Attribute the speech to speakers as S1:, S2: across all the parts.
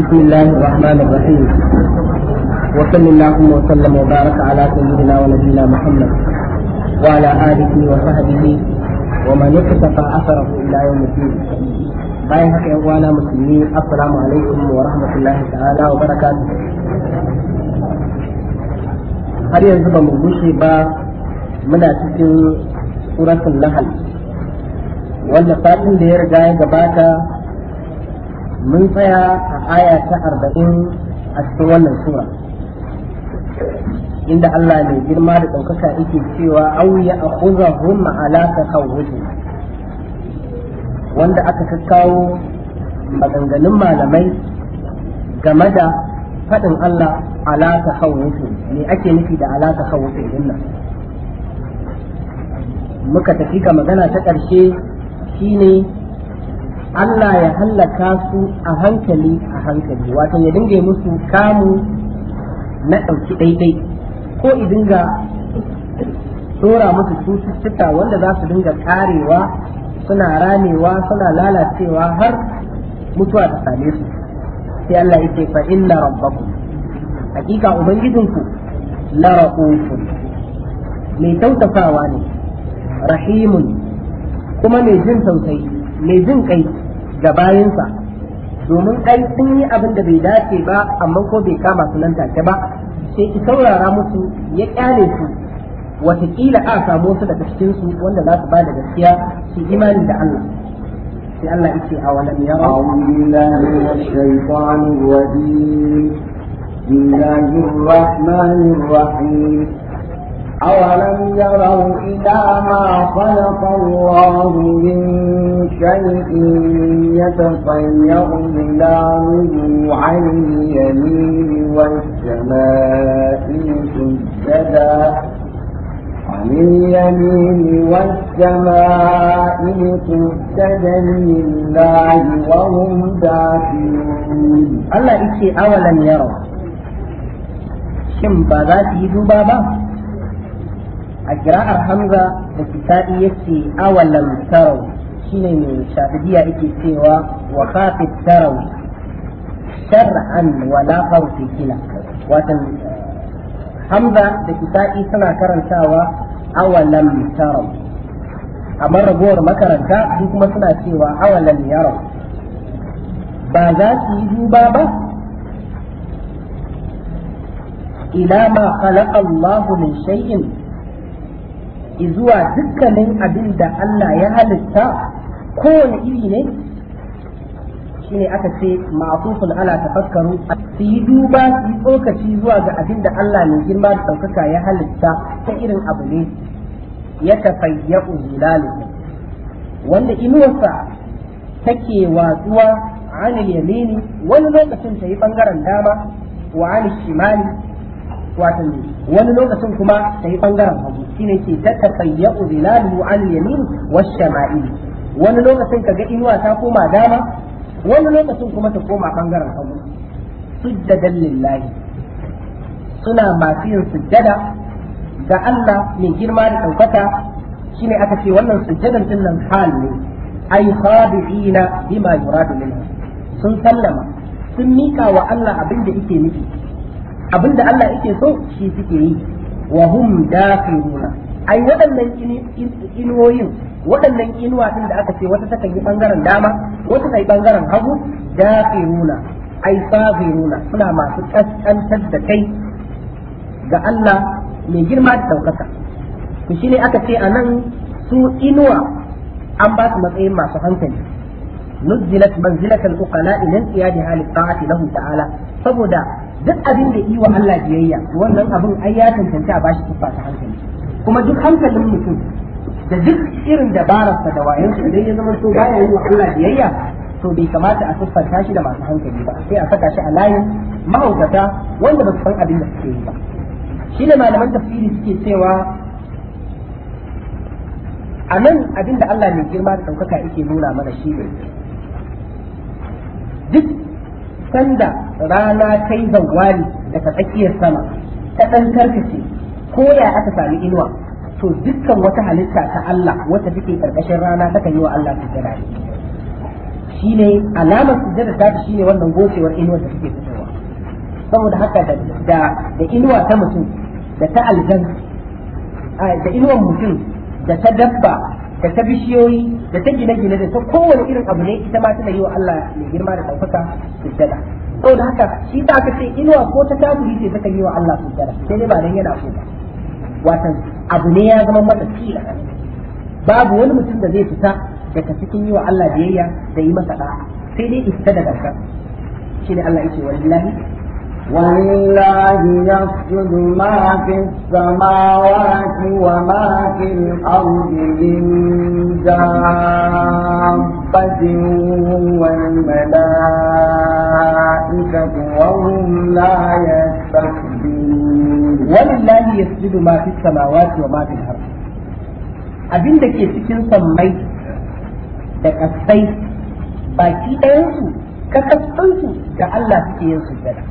S1: بسم الله الرحمن الرحيم وصل اللهم وسلم وبارك على سيدنا ونبينا محمد وعلى وصحبه ومن يوم الدين haka yan uwana musulmi wa rahmatullahi ta'ala wa har yanzu ba mu gushe ba muna cikin suratul nahl wanda da ya riga ya gabata mun tsaya a aya ta arba'in a cikin wannan sura inda Allah mai girma da ɗaukaka yake cewa au ya akhuzahum ala takawwuti wanda aka kawo maganganun malamai game da faɗin Allah ala takawwuti me ake nufi da ala takawwuti din nan muka tafi ga magana ta ƙarshe shi ne. Allah ya hallaka su a hankali a hankali wato ya dinga musu kamu na ɗauki daidai ko i dinga tsora musu cututtuka wanda za su dinga karewa suna ramewa suna lalacewa har mutuwa ta same su sai Allah ya ce fa inna rabbakum hakika ubangijinku la ra'ufun mai tautafawa ne rahimun kuma mai jin tausayi mai jin kai da bayansa domin ai sun yi abin da bai dace ba amma ko bai kama su nan take ba sai ki saurara musu ya kyale su watakila a samu su daga cikin su wanda za su ba da gaskiya su imani da Allah sai Allah yake a wannan yaro a'udhu billahi minash
S2: shaitanir rajim rahim أولم يروا إلى ما خلق الله من شيء يتطير ظلاله عن اليمين والسماء سجدا عن اليمين والشمائل سجدا لله
S1: وهم داخلون الله يقول أولم يروا شم بذاته ذبابا a kira'ar hamza da kisa'i yace awalam tarau shine mai shafidiya ake cewa wa khafit tarau shar'an wa la khawfi watan hamza da kisa'i suna karantawa awalam tarau amma ragowar makaranta su kuma suna cewa awalan yaro. ba za su yi duba ba ila ma khalaqa Allah min shay'in zuwa dukkanin abin da Allah ya halitta kowane iri ne shine aka ce ma'asufun ala tafakkaru su yi duba su yi tsokaci zuwa ga abin da Allah mai girma da ɗaukaka ya halitta ta irin abu ne ya ya uzilalu wanda inuwarsa take watsuwa anil yamini wani lokacin ta yi bangaren dama wa anil shimali wato wani lokacin kuma ta yi bangaren hagu shine ke ta tafayyu zilalu an yamin shama'i. wani lokacin ga inuwa ta koma dama wani lokacin kuma ta koma bangaren hagu sujjadan lillahi suna masu yin sujjada ga Allah mai girma da ɗaukaka shine aka ce wannan sujjadan din nan hal ne ai khadi'ina bima yuradu minhu sun sallama sun mika wa Allah abin da yake nufi abinda Allah yake so shi suke yi wa hum dafiruna ai waɗannan inuwoyin waɗannan inuwa ɗin da aka ce wata ta yi bangaren dama wata ta yi bangaren hagu dafiruna ai safiruna suna masu kaskantar da kai ga Allah mai girma da daukaka to ne aka ce anan su inuwa an ba su matsayin masu hankali نزلت منزلة الأقلاء من قيادها للطاعة له ta'ala saboda. duk abin da yi wa Allah biyayya wannan abin ai ya tantance a bashi tuffa ta hankali kuma duk hankalin mutum da duk irin dabararsa da wayansu idan ya zama to baya yi wa Allah biyayya to bai kamata a siffanta shi da masu hankali ba sai a saka shi a layin mahaukata wanda ba su san abin da suke yi ba shi ne malaman tafsiri suke cewa a nan abin da Allah mai girma da ɗaukaka yake nuna mana shi ne duk sanda rana ta yi zawali daga tsakiyar sama ta ɗan karkace ko da aka sami inuwa to dukkan wata halitta ta Allah wata take karkashin rana ta yi wa Allah sujjada shi ne alamar sujjada ta shi ne wannan gocewar inuwar da take fitowa saboda haka da da inuwa ta mutum da ta aljan da inuwar mutum da ta dabba da ta bishiyoyi da ta gine-gine da ta kowane irin abu ne ita ma tana yi wa Allah mai girma da ɗaukaka sujjada saboda haka shi ta aka ce inuwa ko ta tasiri ce takan yi wa Allah sujjada sai dai ba dan yana so ba watan abu ne ya zama mata tila babu wani mutum da zai fita daga cikin yi wa Allah biyayya da yi masa da'a sai dai ita daga kan shi ne Allah yake wallahi ولله
S2: يسجد ما في السماوات وما في الأرض من دابة والملائكة وهم لا
S1: يستكبرون ولله يسجد ما في السماوات وما في الأرض abin da ke cikin sammai da kasai baki ɗayansu kakassansu da Allah suke yin sujjada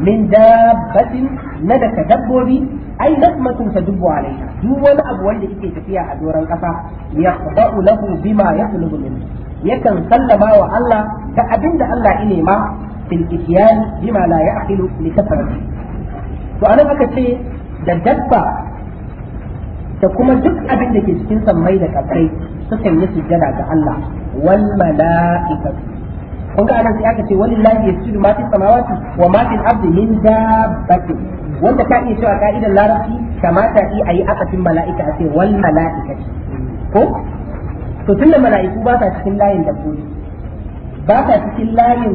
S1: min dabbatin na daga dabbobi ai nasmatun tadubbu alaiha duk wani abu wanda yake tafiya a doron kasa ya ba'u lahu bima yaqlubu min yakan sallama wa Allah da abinda Allah ya nema fil ikyan bima la yaqilu li kafarati to anan aka ce da dabba da kuma duk abinda ke cikin sammai da kasai sukan yi sujjada ga Allah wal mala'ikatu kun ga anan sai aka ce walillahi yasjudu ma fis samawati wa ma fil ardi min dabbati wanda ta iya cewa ka'idar larabci kamata yi ayi akasin mala'ika a ce wal mala'ikati ko to tunda mala'iku ba sa cikin layin dabbobi ba sa cikin layin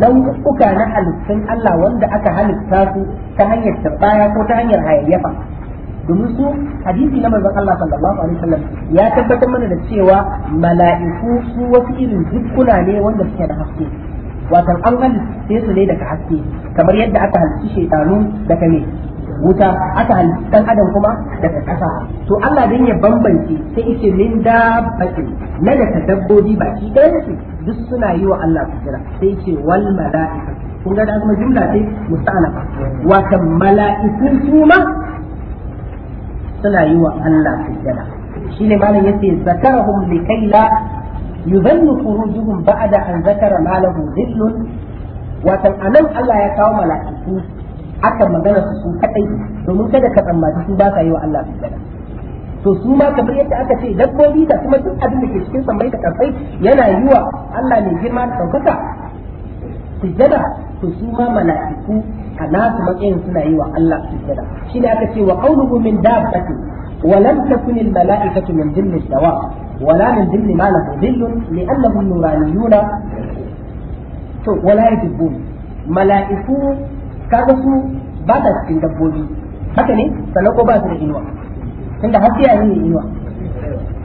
S1: nau'uka na halittun Allah wanda aka halitta su ta hanyar tabaya ko ta hanyar hayayyafa domin su hadisi na manzon Allah sallallahu alaihi wasallam ya tabbatar mana da cewa mala'iku su wasu irin dukkuna ne wanda suke da haske watan an halitta su ne daga haske kamar yadda aka halitta shaytanu daga ne wuta aka halitta dan adam kuma daga kasa to Allah dan ya bambance sai yace min dabbatin na daga dabbobi baki ɗaya su duk suna yi wa Allah sujjada sai yace wal mala'ika kun ga da kuma jumla sai musta'anafa watan mala'ikun kuma suna yi wa Allah sujjada ne malam yace zakarahum likay la yuzannu furujuhum ba'da an zakara ma lahu dhillun watan anan Allah ya kawo mala'iku aka magana su su kadai domin kada ka tsammaci su ba sa yi wa Allah sujjada to su ma kamar yadda aka ce dabbobi da kuma duk abin da ke cikin sammai da kafai yana yi wa Allah ne girma da daukaka sujjada to su ma mala'iku a nasu matsayin suna yi wa Allah sujjada shi ne aka ce wa qawluhu min dabbati wa lam takun al mala'ikatu min dhimmi dawa wa la min dhimmi ma lahu dhillun li annahu nuraniyuna to wala yadbun mala'iku kaga su ba ta cikin dabbobi haka ne sannan ko ba su da inuwa tunda hafiya ne inuwa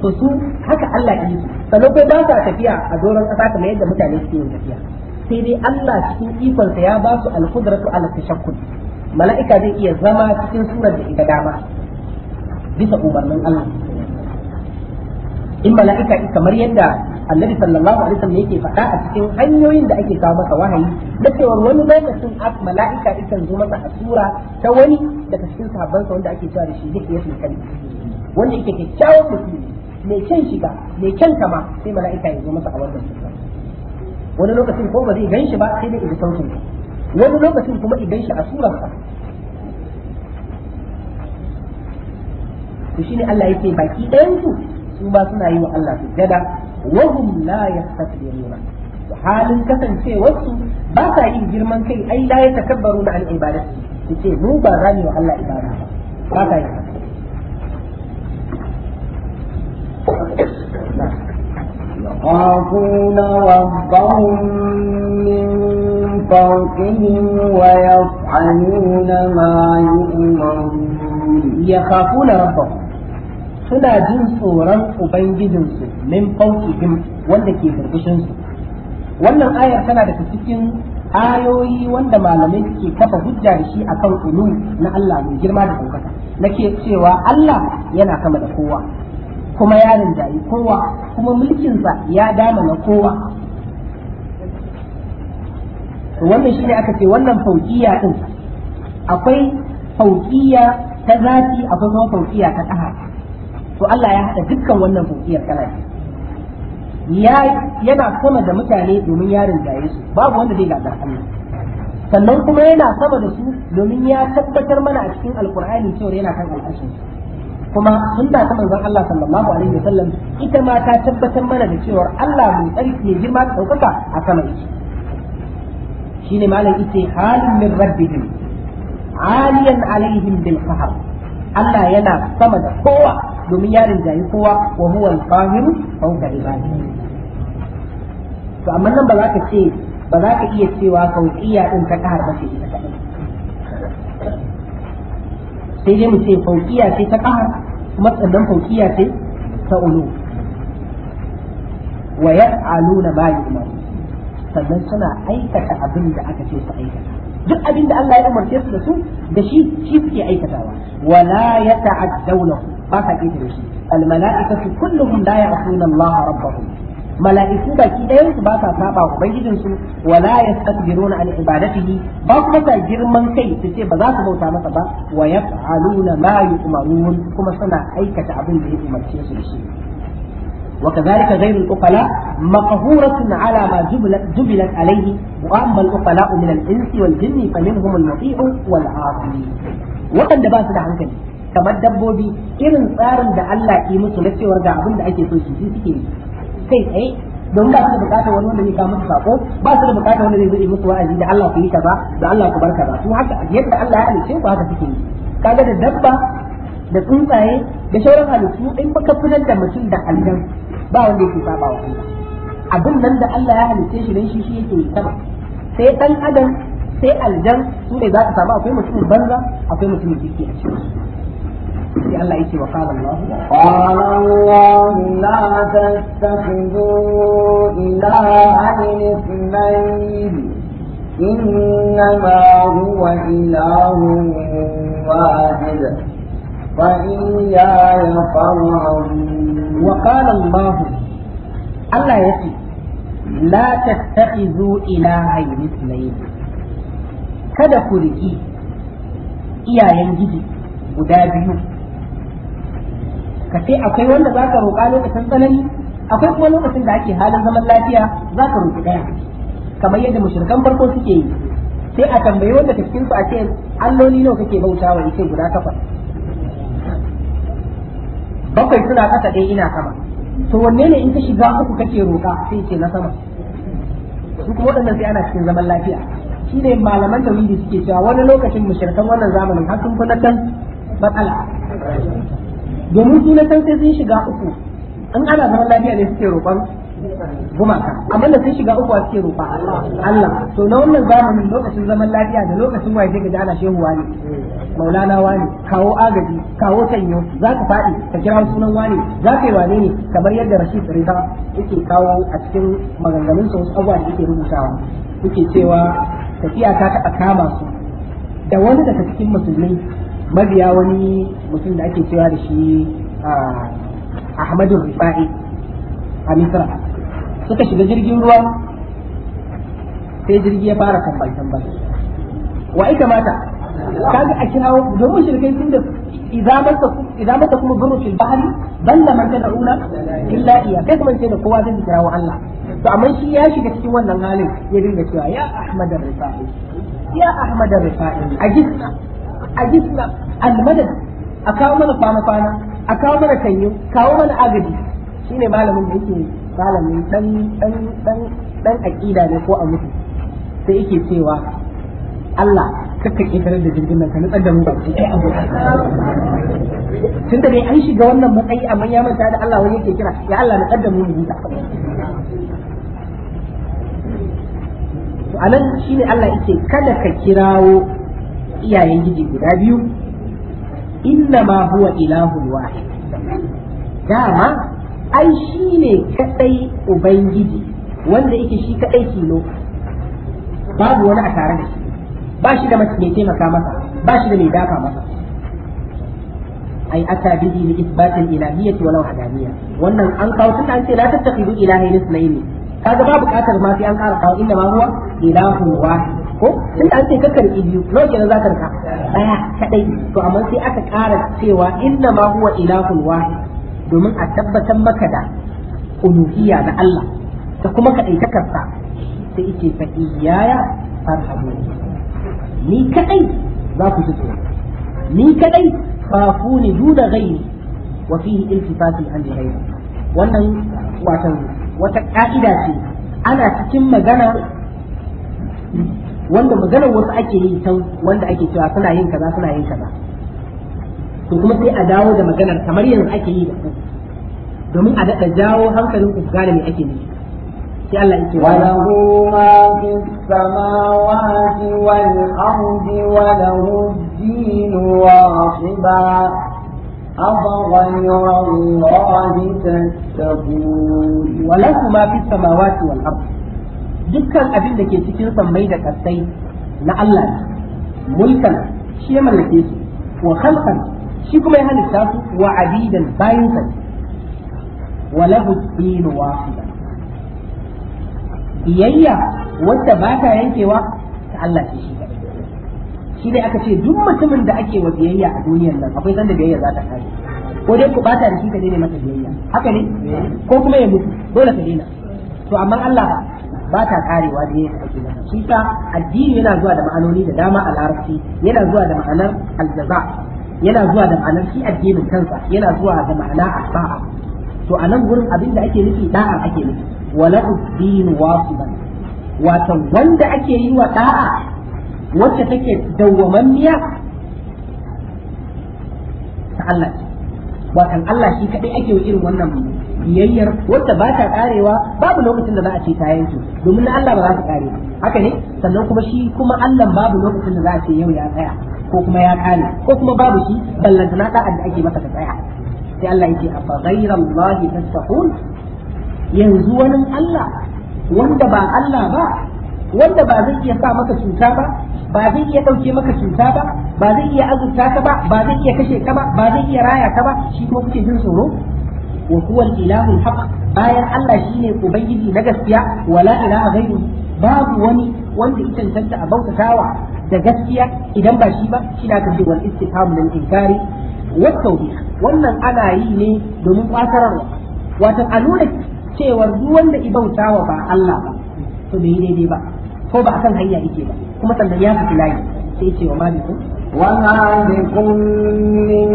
S1: to su haka Allah ya yi sannan ko ba sa tafiya a doron kasa kamar yadda mutane suke yin tafiya sai dai Allah cikin ikonsa ya ba su al-qudratu ala tashakkul mala'ika zai iya zama cikin surar da ita dama bisa umarnin Allah in mala'ika kamar yadda annabi sallallahu alaihi wasallam yake faɗa a cikin hanyoyin da ake kawo masa wahayi da cewa wani lokacin at mala'ika ikan zo masa a sura ta wani daga cikin sahabban wanda ake cewa da shi yake yasin kali wanda yake kyakkyawan mutum mai kyan shiga mai kyan kama sai mala'ika ya zo masa a wannan sura wani lokacin ko ba zai gan shi ba sai dai in sautin wani lokacin kuma in gan shi a surarsa to shine Allah yake baki ɗayan su su ba suna yi wa Allah su sujjada wa hum la yastakbiruna halin kasancewar su ba sa yin girman kai ai da la yatakabbaruna an ibadati suke mu ba za mu wa Allah ibada ba ba sa yin يخافون
S2: ربهم من فوقهم ويفعلون ما يؤمرون يخافون ربهم
S1: suna jin tsoron ubangijinsu min fauqihim wanda ke burbushinsu wannan ayar tana daga cikin ayoyi wanda malamai suke kafa hujja da shi akan ulu na Allah mai girma da ɗaukaka nake cewa Allah yana kama da kowa kuma ya rinjayi kowa kuma mulkinsa ya dama na kowa wannan shine aka ce wannan fauqiya din akwai fauqiya ta zafi, akwai kuma fauqiya ta ƙaha to Allah ya hada dukkan wannan fauqiyar kala ya yana sama da mutane domin ya rinjaye su babu wanda zai gagar Allah sannan kuma yana sama da su domin ya tabbatar mana a cikin alkur'ani cewa yana kan su. kuma sunna ta manzon Allah sallallahu alaihi wasallam ita ma ta tabbatar mana da cewa Allah mai tsarki ne girma da daukaka a sama yake shine malam yace halin min rabbihim aliyan alaihim bil qahr Allah yana sama da kowa domin ya rinjayi kowa wa huwa al qahir fawqa ibadihi to amma nan ba za ka ce ba za ka iya cewa kauqiya din ta kahar ba ce ita kadai sai dai mu ce faukiya ce ta qahar kuma sannan fauqiya ce ta ulu wa yaf'aluna ma umaru. sannan suna aikata abin da aka ce su aikata duk abin da Allah ya umarce su da su da shi shi suke aikatawa wala ya yata'addawna ba ka kike da shi al mala'ikatu kulluhum la ya'suna Allah rabbahum mala'iku baki ɗayan su ba sa saba wa ubangijin su wala yastakbiruna an ibadatihi ba kuma sa girman kai su ce ba za su bauta masa ba wa yaf'aluna ma yu'marun kuma suna aikata abin da ya umarce su da shi وكذلك غير الأقلاء مقهورة على ما جبلت, جبلت عليه وأما الأقلاء من الإنس والجن فمنهم المطيع Waɗanda وقد باس ده عنك kamar dabbobi irin tsarin da Allah ki musu na cewar ga abin da ake so su suke kai tsaye don ba su da bukatar wani wanda zai kawo musu sako ba su da bukatar wanda zai zo musu wa'azi da Allah ku yi kaza da Allah ku barka ba su haka yadda Allah ya alice ku haka suke kaga da dabba da tsuntsaye da shauran halittu in baka fitar da mutum da aljan ba wanda yake saba wa Allah abin nan da Allah ya halice shi dan shi shi yake yi sama sai dan adam sai aljan su ne za ka samu akwai mutum banza akwai mutumin jiki a cikin sai Allah yake wa qala Allah qala
S2: Allah la tattakhidhu ilahan ithnayn إنما هو إله واحد فإياي
S1: فارهبون وقال الله الله يقول لا تتخذوا إلهين اثنين kada ku riƙi iyayen gidi guda biyu ka ce akwai wanda za ka roƙa lokacin tsanani akwai kuma lokacin da ake halin zaman lafiya za ka roƙi ɗaya. kamar yadda mushrikan farko suke yi sai a tambayi wanda ta cikin su a ce alloli nawa kake bauta bautawa yace guda takwas bakwai suna kasa ɗaya ina sama to wanne ne in ka shiga uku kake roƙa sai ce na sama su kuma waɗannan sai ana cikin zaman lafiya shi ne malaman tauhidi suke cewa wani lokacin mushrikan wannan zamanin har sun fi na can
S3: matsala
S1: domin su na san sai sun shiga uku in ana zaman lafiya ne suke roƙon gumaka amma da sun shiga uku a suke roƙa Allah to na wannan zamanin lokacin zaman lafiya da lokacin waje ga ana shehu wani maulana wani kawo agaji kawo tanyo za ka faɗi ka kira sunan wani za ka yi wane ne kamar yadda Rashid Rida yake kawo a cikin maganganun wasu abubuwa da yake rubutawa yake cewa tafiya ta taɓa kama su da wani daga cikin musulmai mabiya wani mutum da ake cewa da shi Ahmadu Rifa'i a Misra suka shiga jirgin ruwa sai jirgi ya fara tambal tambal wa ita mata kaga a kirawo domin shirkai tun da idan ta kuma birnin fil bahari ban da man tana una illa iya kai kuma ce da kowa zai kirawo Allah to amma shi ya shiga cikin wannan halin ya dinga cewa ya Ahmadu Rifa'i ya Ahmadu Rifa'i a gista A ajisna almadad a kawo mana kwana kwana a kawo mana kanyo kawo mana agaji shine malamin da yake malamin dan dan dan dan aqida ne ko a mutu sai yake cewa Allah kakka kitar da jirgin nan ka nutsar da mu ba ki abu
S3: tunda dai an shiga
S1: wannan matsayi amma ya manta da Allah wani yake kira ya Allah nutsar da mu mu huta to anan shine Allah yake kada ka kirawo iyayen giji guda biyu innama huwa ilahun wahid dama ai shi ne kadai ubangiji wanda yake shi kadai kilo babu wani a tare da shi ba shi da mai taimaka masa ba shi da mai dafa masa ai ata bihi li isbatil ilahiyyati walau hadaniya wannan an kawo tun an ce la tattakhidu ilahayn ismaili kaga ba bukatar ma sai an kara kawo inna ma huwa ilahun wahid ko tun da an ce kakar biyu nawa kenan za ka rika daya kadai to amma sai aka ƙara cewa inna ma huwa ilahul wahid domin a tabbatar maka da uluhiyya na Allah ta kuma kadaitakar karsa, sai yake fa iyaya farhamu ni kadai za ku ji tsoro ni kadai khafuni duna ghairi wa fihi iltifati an ghairi wannan watan wata ka'ida ce ana cikin magana wanda maganar wasu ake yi ta wanda ake cewa suna yin kaza suna yin kaza to kuma sai a dawo da maganar kamar yanzu ake yi da ku domin a daɗa jawo hankalin ku gane me ake nufi sai Allah yake wa lahu
S2: ma fi samawati wal ardi wa lahu ad-din wahiba أفغير
S1: الله تتقون وله ما في السماوات والأرض dukkan abin da ke cikin sammai da kasai na Allah mulkan shi ya mallake su wa khalqan shi kuma ya halitta su wa abidan bayin sa wa lahu din wahida biyayya wacce ba ta yankewa ta Allah ce shi kadai shi ne aka ce duk mutumin da ake wa biyayya a duniyar nan akwai sanda biyayya za ta kare ko dai ku bata da shi ka daina mata biyayya haka ne eh. ko kuma ya mutu dole ka daina to amma Allah ba. ba ta karewa da yadda ake gani shi ta addini yana zuwa da ma'anoni da dama a larabci yana zuwa da ma'anar aljaza yana zuwa da ma'anar shi addinin kansa yana zuwa da ma'ana asba'a to a nan gurin abin da ake nufi da'a ake nufi wala uddin wasiban wato wanda ake yi wa da'a wacce take dawwamammiya ta Allah watan Allah shi kadai ake yi irin wannan biyayyar wanda ba ta karewa babu lokacin da za a ce ta yanke domin na Allah ba za ta kare haka ne sannan kuma shi kuma Allah babu lokacin da za a ce yau ya tsaya ko kuma ya kare ko kuma babu shi ballantana ta da ake masa ta tsaya sai Allah yake a fa ghayra Allah tastahun yanzu wani Allah wanda ba Allah ba wanda ba zai iya sa maka cuta ba ba zai iya ɗauke maka cuta ba ba zai iya azurta ka ba ba zai iya kashe ka ba ba zai iya raya ka ba shi kuma kuke jin tsoro wa huwa al-ilahu al-haq bayan Allah shine ubangiji na gaskiya wala ilaha ghairu babu wani wanda ya tantance a bautatawa da gaskiya idan ba shi ba shi da kace wal istifham lil inkari wa wannan ana yi ne domin kwatararwa wato a nuna cewa duk wanda ya bautawa ba Allah ba to bai daidai ba ko ba kan hanya yake ba kuma sannan ya fi layi sai ce wa malikum وما
S2: بكم من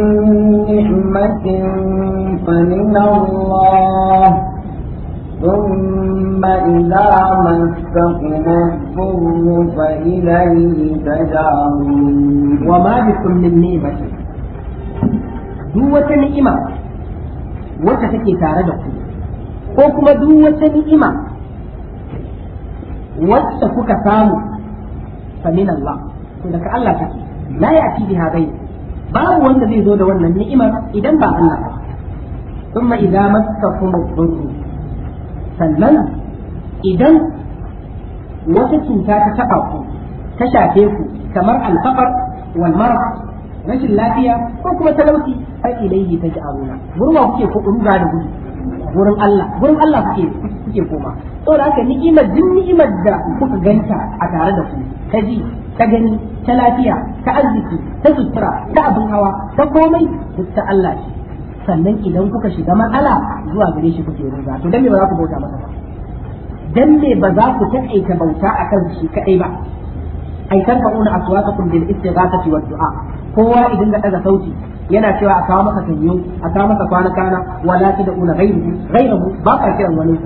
S2: نعمة فمن الله ثم إذا مسكم الضر فإليه تجارون
S1: وما بكم من نعمة duk wata ni'ima wacce take tare da ku ko kuma duk wata ni'ima wacce kuka samu fa min Allah daga Allah take la ya'ti biha ghayr babu wanda zai zo da wannan ni'imar idan ba Allah ba thumma idza massakum ad-durr sannan idan wata cuta ta taba ku ta shafe ku kamar al-faqr rashin lafiya ko kuma talauci fa ilayhi taj'aluna gurwa kuke ku ruga da gudu wurin Allah wurin Allah kuke koma saboda haka ni'imar duk ni'imar da kuka ganta a tare da ku ta ji ta gani ta lafiya ta arziki ta sutura ta abin hawa ta komai duk ta Allah ce sannan idan kuka shiga matsala zuwa gare shi kuke ruga to dan me ba za ku bauta masa ba dan me ba za ku taƙaita bauta akan shi kadai ba ai tarfa'una aswaqakum bil istighathati wad du'a kowa idan ga daga sauti yana cewa a kawo maka sanyo a kawo maka kwana kana wala tad'una ghayruhu ghayruhu ba ka kiran wani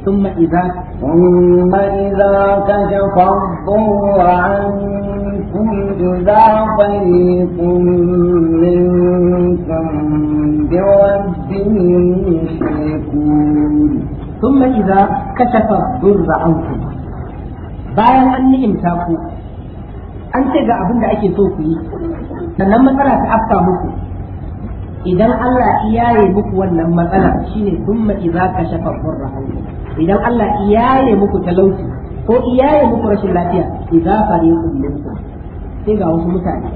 S1: ثم إذا ثم
S2: إذا كشف الضر عنكم إذا فريق منكم
S1: بربهم يشركون ثم إذا كشف الضر عنكم bayan an ni'imta ku an ce ga abin da ake so ku yi sannan matsala ta afka muku idan Allah iyaye muku wannan matsala shine iza ka shafa furra idan Allah iyaye muku talauci ko iyaye muku rashin lafiya idza fariqun minkum sai ga wasu mutane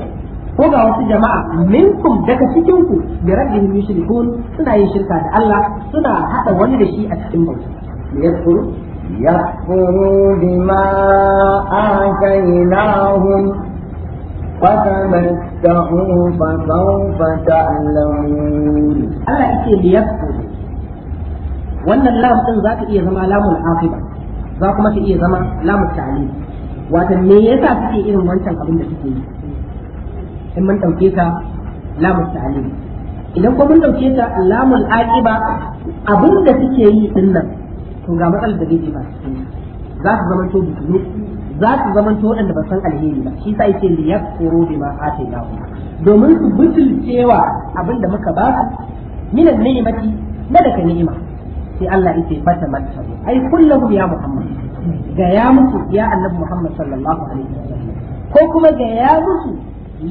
S1: ko ga wasu jama'a minkum daga cikin ku bi rabbihim yushrikun suna yin shirka da Allah suna hada wani da shi a cikin bauta
S2: yadkuru يكفروا بما آتيناهم
S1: فتمتعوا فسوف تعلمون ألا أكيد ليكفروا wannan lam din za ta iya zama lamun aqiba za kuma ta iya zama lamun ta'lim wato me yasa suke irin wancan abin da suke yi in mun dauke ta lamun ta'lim idan ko mun dauke ta lamun aqiba abin da suke yi din to ga matsalar da zai ba cikin za su zama to butune za su zama to waɗanda ba san alheri ba shi sa yake liyar tsoro bi ma atai na domin su butulcewa abin da muka ba su min ni'mati na daga ni'ima sai Allah yake fata mata ai kullahu ya muhammad ga ya musu ya annabi muhammad sallallahu alaihi wasallam ko kuma ga ya musu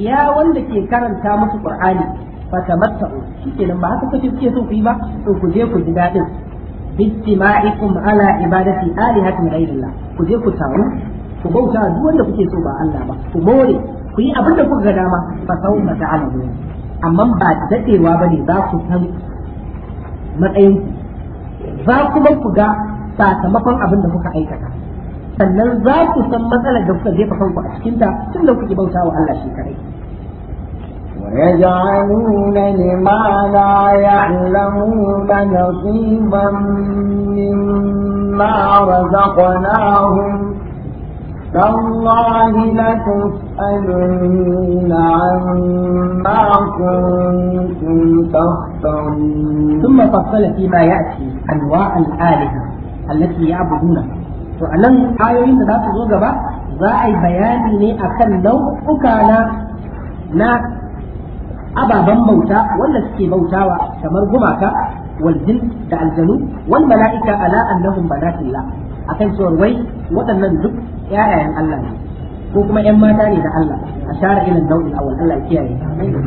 S1: ya wanda ke karanta musu qur'ani fata mata shi kenan ba haka kake so ku yi ba to ku je ku ji dadin bittima'ikum ala ibadati alihatin ghairillah ku je ku taru ku bauta duk wanda kuke so ba Allah ba ku more ku yi abin da kuka ga dama fa sau ma ta'alamu amma ba dadewa bane za ku san matsayin za kuma ku ga sakamakon abin da kuka aikata sannan za ku san matsalar da kuka jefa kanku a cikinta tun da kuke bauta wa Allah shi يجعلون لما
S2: لا يعلمون نصيبا مما رزقناهم تالله لتسألن عما كنتم تختارون
S1: ثم فصل فيما يأتي أنواع الآلهة التي يعبدونها فألن آيوين ذات الزوجة za a yi bayani ne akan nau'uka na ababen bauta wanda suke bautawa kamar gumaka waljin, da aljanu wal mala'ika ala annahum banatillah akan cewar wai waɗannan duk ƴaƴayen Allah ne ko kuma 'yan mata ne da Allah ashara ila dawil awwal Allah ya kiyaye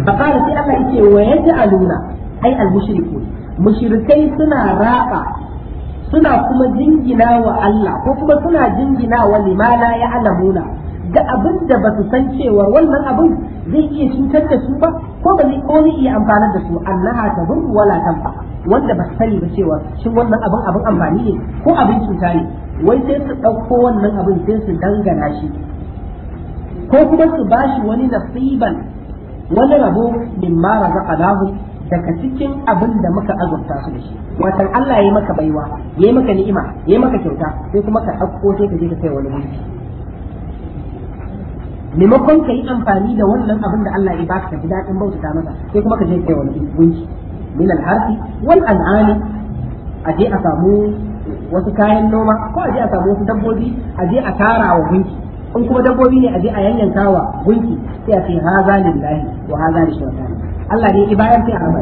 S1: fa qala sai Allah yake wa yaj'aluna ai al mushrikun mushrikai suna raba suna kuma jingina wa Allah ko kuma suna jingina wa limala ya alamuna ga abin da ba su san cewa wannan abin zai iya cutar da su ba ko ba ni ko zai iya amfanar da su annaha tadur wala tanfa wanda ba sani ba cewa shin wannan abin abin amfani ne ko abin cuta ne wai sai su ɗauko wannan abin sai su dangana shi ko kuma su bashi wani nasiban wani rabo mimma razaqnahu daga cikin abin da muka azurta su da shi watan Allah ya maka baiwa ya maka ni'ima ya maka kyauta sai kuma ka hakko sai ka je ka kai wani mulki maimakon ka yi amfani da wannan abin da Allah ya baka ka ji daɗin bautata masa sai kuma ka je kai wani gunki min al-harfi wal an'ami a je a samu wasu kayan noma ko a je a samu wasu dabbobi a je a tara wa gunki in kuma dabbobi ne a je a yanyanka wa gunki sai a ce haza lillahi wa haza li shaytan Allah ne ibayar sai a raba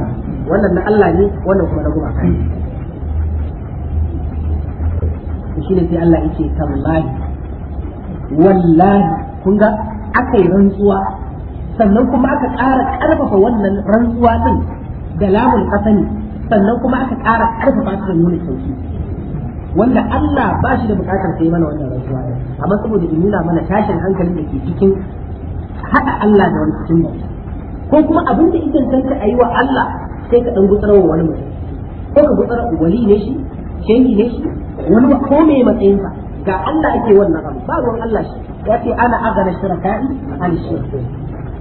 S1: wannan na Allah ne wannan kuma na gumaka ne shine sai Allah yake tallahi wallahi kun ga aka yi rantsuwa sannan kuma aka ƙara ƙarfafa wannan rantsuwa din da lamun kasani sannan kuma aka ƙara ƙarfafa ta da nuna sauki wanda Allah ba shi da bukatar sai mana wannan rantsuwa din amma saboda in nuna mana tashin hankali da ke cikin haɗa Allah da wani cikin bauta ko kuma abin da idan tanka a yi wa Allah sai ka ɗan gutsara wa wani mutum ko ka gutsara wali ne shi shengi ne shi wani ko me matsayinsa ga Allah ake wannan abu ba ruwan Allah shi yace ana agana shirka'i an shirku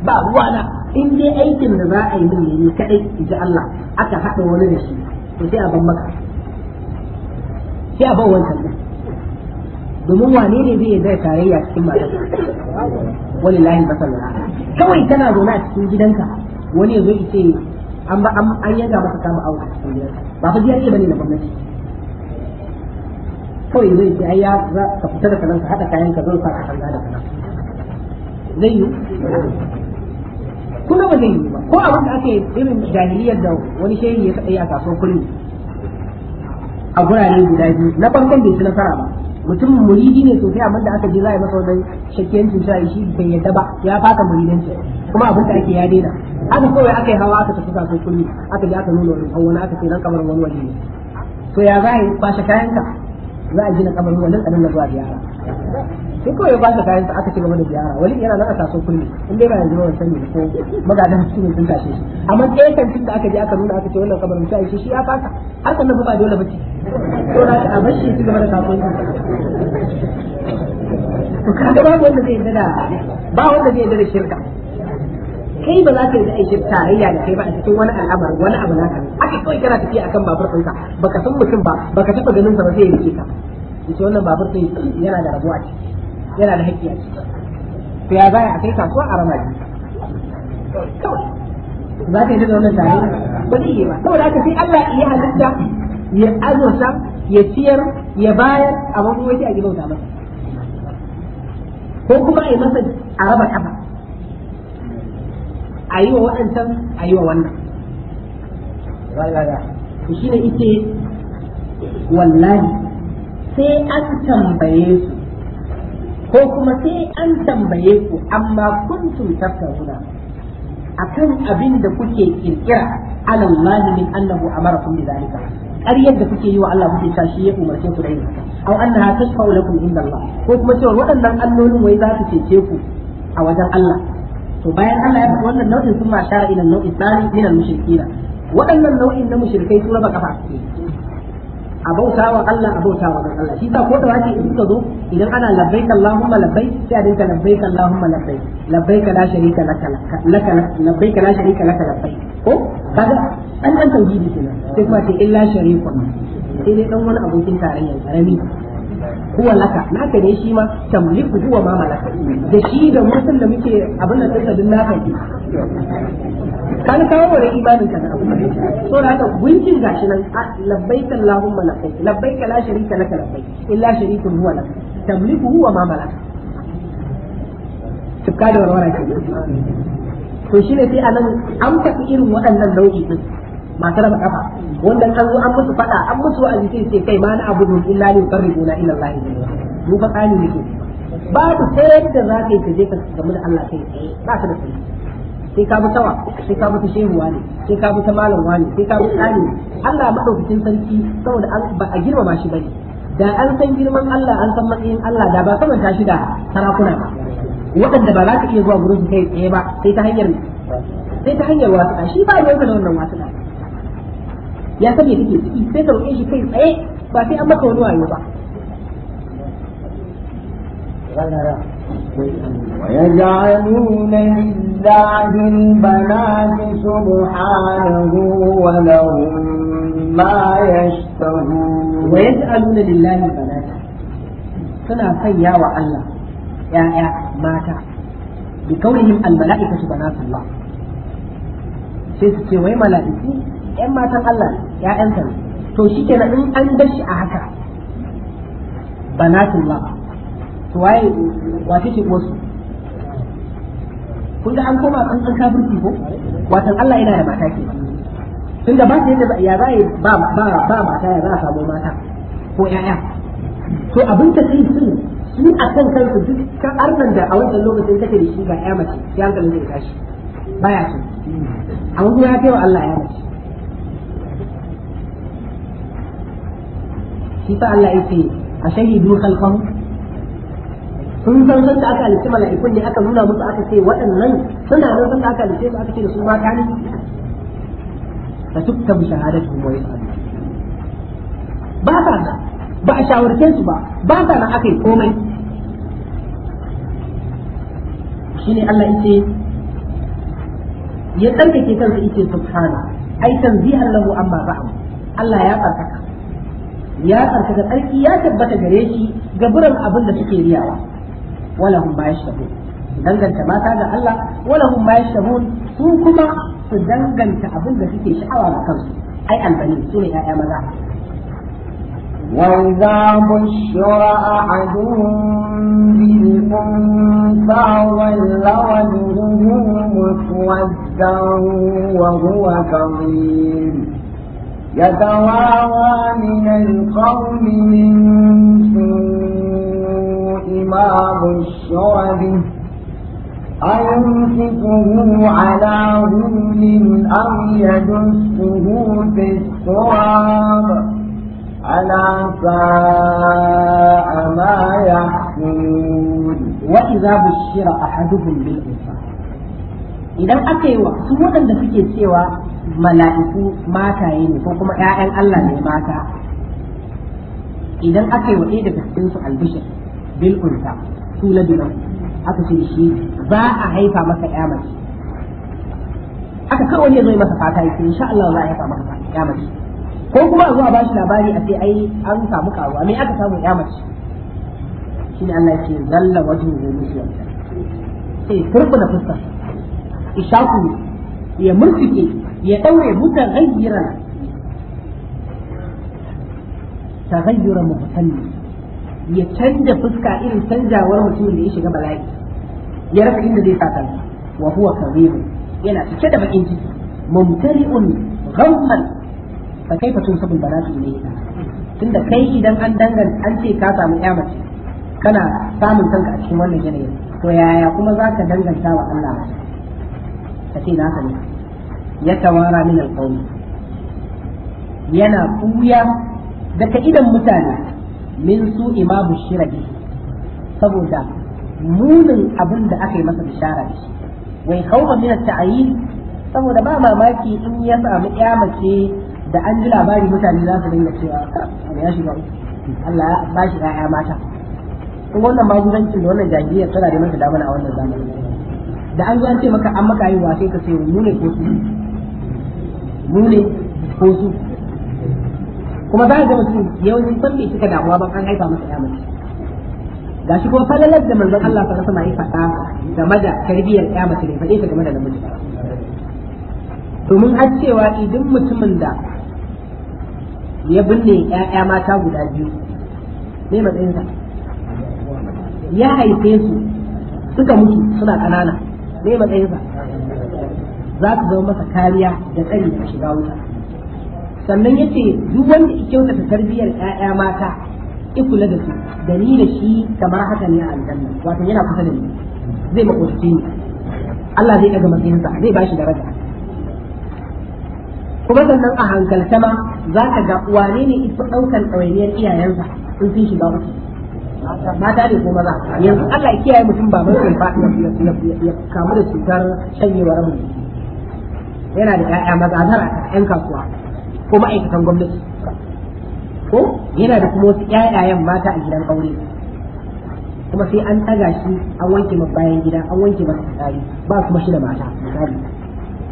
S1: ba ruwana in dai aikin da za a yi mun ne kadai ji Allah aka hada wani da shi to sai a ban maka sai a ban wancan domin wane ne zai zai tarayya cikin mata wani layin ba sallara. kawai tana zaune a cikin gidanka wani ya zo ce an yaga masa kama auka cikin gidanka ba fa jiya ce bane na gwamnati kawai zai ce ai ya ka fita da kanan ka haɗa kayan ka zan sa ka kanga da kanan zai yi kuma ba zai yi ba ko abin da ake irin jahiliyar da wani shehi ya yi a kasuwar kurmi a gurare guda biyu na farkon bai ci nasara ba mutum muridi ne sosai amma da aka je za a yi masa wajen shakkiyancin sha shi bai yadda ba ya fata muridanci kuma abin da ake ya daina haka kawai aka yi hawa aka tafi kasuwar kurmi aka je aka nuna wani hawa aka ce nan kamar wani waje ne to ya za a yi kwashe kayanka za a gina kamar wannan tsanin na zuwa ziyara shi kawai ba da kayan sa aka ce gaba da ziyara wani yana nan a taso kulle in dai ba yanzu ba sani ko magadan su ne sun tashe shi amma ɗaya kantin da aka je aka nuna aka ce wannan kamar sai shi ya fasa har kan ba dole ba ce to na a bar shi ci gaba da kasuwanci
S3: to kaga babu wanda zai da
S1: ba wanda zai yarda da shirka kai ba za ka yi aikin tarayya da kai ba a cikin wani al'amar wani abu kan aka kawai kana tafiya akan babur ɗinka baka san mutum ba baka taɓa ganin sa ba sai ya rike ka yace wannan babur ɗin yana da rabuwa ce yana da haƙƙi a ciki to ya zaya a kai kasuwa a ramadi
S3: kawai za ka yi da wannan tare ba zai yi ba
S1: saboda haka sai Allah ya halitta ya azurta ya ciyar ya bayar a wani waje a gidauta ba ko kuma a yi masa a raba kafa a yi wa waɗancan a yi wa wannan to shi ne ita wallahi sai an tambaye su ko kuma sai an tambaye ku amma kun kuntum A kan abin da kuke kirkira ala Allah min annahu amarakum bi zalika ƙaryar da kuke yi wa Allah kuke ta shi ya umarce ku da yin haka aw annaha tashfa'u lakum inda Allah ko kuma cewa waɗannan allolin wai za su cece ku a wajen Allah to bayan Allah ya faɗi wannan nau'in sun ma shara ila nau'i tsari min al-mushrikina waɗannan nau'in na mushrikai su raba kafa a bauta wa Allah a bauta wa dan Allah shi sa ko da wace in suka zo idan ana labbaik Allahumma labbaik sai a dinka labbaik Allahumma labbaik labbaik la sharika laka laka labbaik la sharika laka labbaik ko kaga an dan tauhidi kenan sai kuma ce illa sharikun sai dai dan wani abokin tarayya karami huwa laka naka ne shi ma tamliku huwa ma malaka da shi da mutum da muke abin da tattalin naka ne kan kawo wa imanin ka so da haka gunkin gashi nan labbaika allahumma labbaik labbaika la sharika laka labbaik illa sharikun huwa laka tamliku huwa ma malaka tukka da warwara ke to shine sai anan an faɗi irin waɗannan nau'i din masu raba kafa wanda an zo an musu fada an musu wa'azi sai kai ma na abu abudu illa li yuqarribuna ila Allah mu fa tsani nake babu sai yadda za ka yi ka je ka gamu da Allah kai ba ka da sani sai ka bi tawa sai ka bi ta shehu wani sai ka bi ta malam wani sai ka bi tsani Allah madaukakin sarki saboda an ba a girmama shi bane da an san girman Allah an san matsayin Allah da ba saboda shi da sarakuna ba waɗanda ba za ka iya zuwa gurin kai tsaye ba sai ta hanyar sai ta hanyar wasu shi ba yau da wannan wasu ya san me kake ciki sai ka roƙe shi kai tsaye ba sai an maka wani wayo ba
S3: ويجعلون
S1: لله
S2: البنات سبحانه ولهم
S1: ما يشتهون ويجعلون لله البنات سنة سيا وعلا يا يا ماتا بكونهم الملائكة بنات الله sai su ce wai mala'iku yan matan Allah ya'yansa to shi kenan in an bar shi a haka banatun ba to waye wace ce wasu kun an koma kan kan kafirci ko watan Allah yana da mata ke tun da ba ta yadda ya za ba ba ba mata ya za a samu mata ko ƴaƴa to abin ta sai sun su a kan kansu duk kan arnan da a wancan lokacin take da shi ga ƴa mace ya hankalin da ya tashi baya so amma kuma ya kai wa Allah ya mace shi sa Allah yake a shahidu khalqahu sun san san da aka mala'ikun ne aka nuna musu aka ce waɗannan suna nan san da aka su aka ce da su ma kani shahadatu wa ba ta nan ba a shawarce su ba ba ta nan aka yi komai shine Allah yake ya tsarkake kansa yake subhana ai tanzihan lahu amma ba'd Allah ya tsarkaka ya tsarkaka tsarki ya tabbata gare shi ga buran abin da suke riyawa wala hum ba yashtabun danganta mata ga Allah wala hum ba yashtabun su kuma su danganta abin da suke sha'awa ga kansu ai albani su ne ya'ya maza
S2: وإذا بشر أحدهم بالأنثى ظل وجهه مسودا وهو كظيم يتواوى من القوم من سوء ما بشر به أيمسكه على هول أم يدسه في التراب ألا ساء ما
S1: يحكمون وإذا بشر أحدهم بالإنسان إذا أتيوا سوء أن تفكر سوى mala'iku mataye ne ko kuma 'ya'yan Allah ne mata idan aka yi waɗe daga cikin su albishir bil unta su na bilan aka ce shi ba a haifa masa ƴa mace aka kawo ne zai masa fata yake insha Allah za a haifa masa ƴa mace ko kuma a zo ba shi labari a ce ai an samu karuwa me aka samu ƴa mace shi ne Allah ce zalla wajen zai musu sai furfuna fuskar ishaku ya murtuke ya daure mutaghayyiran taghayyura mutasalli ya canja fuska irin canjawar mutumin da ya shiga bala'i ya rasa inda zai sa kansa wa huwa kadhibun yana cike da bakin ciki mumtari'un ghamman fa kaifa tunsabu baratu ilayhi tunda kai idan an dangan an ce ka samu ya mace kana samun kanka a cikin wannan yanayin to yaya kuma za ka danganta wa Allah ka ce na ka ne ya tawara min alqawmi yana kuya daga idan mutane min su ima bushira bihi saboda munin abin da aka yi masa bishara da shi wai khawfa min at-ta'yin saboda ba mamaki in ya samu kyamace da an ji labari mutane za su dinga cewa ya shiga Allah ya ba shi ƴaƴa mata in wannan magudancin da wannan jahiliya tana da mata damana a wannan zamanin da an zo an ce maka an maka yi wa sai ka ce mu ne ko su mu ne ko su kuma ba da mutum ne san me cika damuwa ba an haifa masa yamma shi kuma falalar da manzon Allah sallallahu alaihi wasallam ya faɗa game da tarbiyyar yamma ne faɗe ta game da namiji domin har cewa idan mutumin da ya binne ƴaƴa mata guda biyu me matsayinsa ya haife su suka mutu suna ƙanana me matsayinsa za ka zama masa kariya da tsari da shiga wuta sannan ya ce duk wanda ya kyautata tarbiyyar 'ya'ya mata ikula da su da ni da shi kamar haka ne a aljanna wato yana kusa da ni zai makoci ni Allah zai ɗaga matsayinsa zai ba shi daraja kuma sannan a hankalta ma za ka ga wane ne ifa ɗaukar ɗawainiyar iyayensa sun fi shiga wuta mata ne ko maza yanzu Allah ya kiyaye mutum ba mutum ba ya kamu da cutar shanyewar mu yana da ƴaƴa maza a ƴan kasuwa ko ma'aikatan gwamnati ko yana da kuma wasu ƴaƴayen mata a gidan aure kuma sai an ɗaga shi an wanke masa bayan gida an wanke masa tsari ba kuma shi da mata misali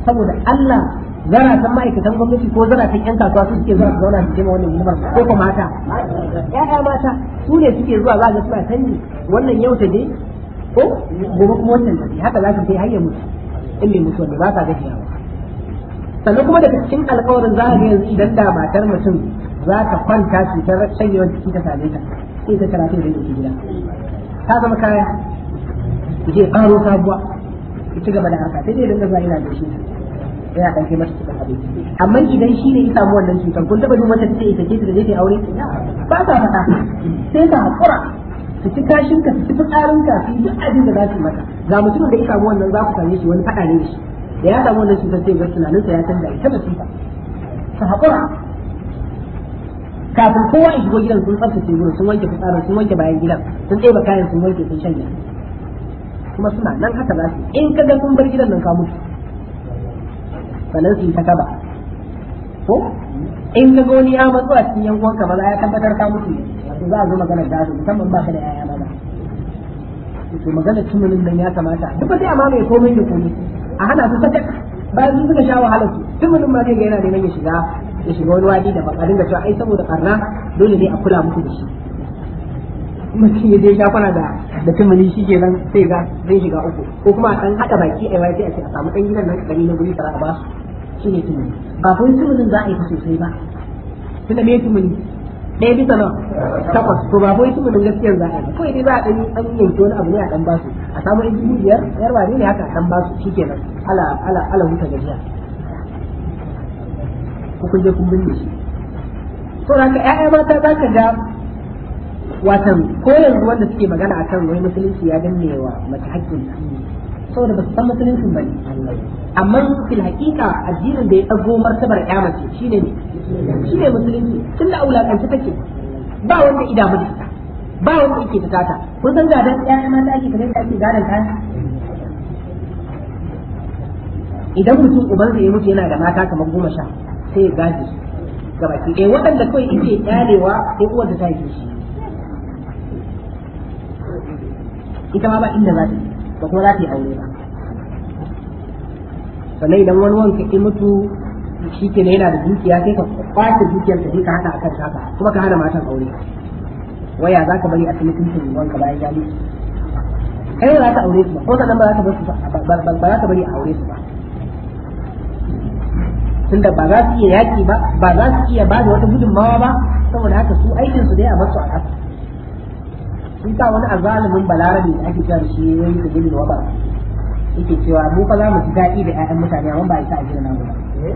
S1: saboda Allah zaratan ma'aikatan gwamnati ko zaratan ƴan kasuwa su suke zuwa su zauna su jima wannan gumar ko kuma mata ƴaƴa mata su ne suke zuwa za ga suna canji wannan yau ta je ko gobe kuma wannan haka za su kai har ya mutu in bai mutu wanda ba sa gajiya sannan kuma daga cikin alƙawarin za ga yanzu idan da matar mutum za ka kwanta cutar yawan jiki ta same ta sai ta karatu da yake gida ta zama kaya je ƙaro sabuwa ki ci gaba da harka sai dai dinga zai ina da shi yana dan kai mata cikin abinci amma idan shi ne ya samu wannan cutar kun taɓa duba ta ce ita ke da zai aure ba ta faɗa sai ta haƙura su ci kashin ka su ci fitsarin ka su yi duk abin da za su mata ga mutum da ya samu wannan za ku same shi wani faɗa ne shi da ya samu wannan cutar sai ga tunanin sa ya canza ita masifa su haƙura kafin kowa ya shigo gidan sun tsaftace gurin sun wanke fitsarin sun wanke bayan gidan sun ɗeba kayan sun wanke sun shanya kuma suna nan haka za su in ka ga sun bar gidan nan ka mutu sanan su yi ta kaba ko in ka ga wani ya matsu a cikin yankuwan ka za ya tabbatar ka mutu ne? wato za a zo maganar gado musamman ba ka da yaya ba to maganar tunanin nan ya kamata duk ba sai a mamaye komai da komai a hana su sadaka bayan su suka sha wahala su duk mutum ma zai ga yana neman ya shiga ya shiga wani wadi da bakarin da cewa ai saboda karna dole ne a kula muku da shi mutum ya je shafara da da tumani shi ke nan sai ga zai shiga uku ko kuma a san haɗa baki a yi a ce a samu ɗan gidan nan gari na guri tara a ba su shi ne tumani ba kuma tumanin za a yi sosai ba tunda me tumani ɗaya bisa na takwas to ba ko su mun gaskiyar za a yi kawai dai za a ɗan an yanke wani abu ne a ɗan basu a samu injini biyar yar ba ne haka a ɗan basu shikenan ala ala ala huta gajiya ko kun je kun binne shi to haka ƴaƴa mata za ka ga watan ko yanzu wanda suke magana akan wai musulunci ya danne wa mace haƙƙin saboda ba su san musulunci ba ne amma fil haƙiƙa addinin da ya ɗago martabar ƴa mace shine ne shi ne musulunci tun da aulakanci take ba wanda ida da ba wanda yake ta tata kun san gadan ƴaƴa mata ake kamar ake gadan ta idan mutum uban ya mutu yana da mata kamar goma sha sai ya gaji ga baki ɗaya waɗanda kawai yake ƙyalewa sai uwar da ta yi shi ita ma ba inda za ta yi ba kuma za ta yi aure ba sannan idan wani wanka ya mutu shi ke yana da dukiya sai ka kwace dukiyar ka sai ka hada akan taka kuma ka hana matan aure waya za ka bari a cikin mutuncin wanka bayan ya mutu kai za ka aure su ba ko sannan ba za ka ba za ka bari a aure su ba tunda ba za su iya yaki ba ba za su iya ba da wata gudunmawa ba saboda haka su aikin su dai a masu a sun sa wani azalimin balarabe da ake cewa shi yayin da gudun waba yake cewa mu fa za mu ji daɗi da 'ya'yan mutane amma ba isa a gina namu ba zai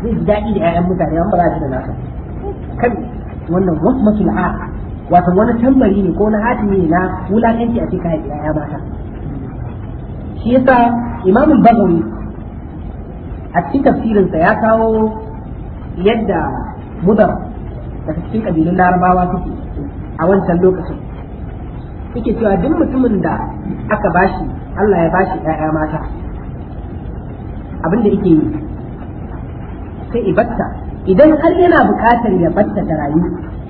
S1: ji daɗi da 'ya'yan mutane an ba za nasa kan wannan a'a wato wani tambari ne ko na hatimi ne na wulaƙanci a cikin ƴaƴa mata shi yasa imamin bagawi a cikin tafsirinsa ya kawo yadda mudar daga cikin ƙabilun larabawa suke a wancan lokacin suke cewa duk mutumin da aka bashi Allah ya bashi ƴaƴa mata abin da yake yi sai ibatta idan har yana bukatar ya batta da rayu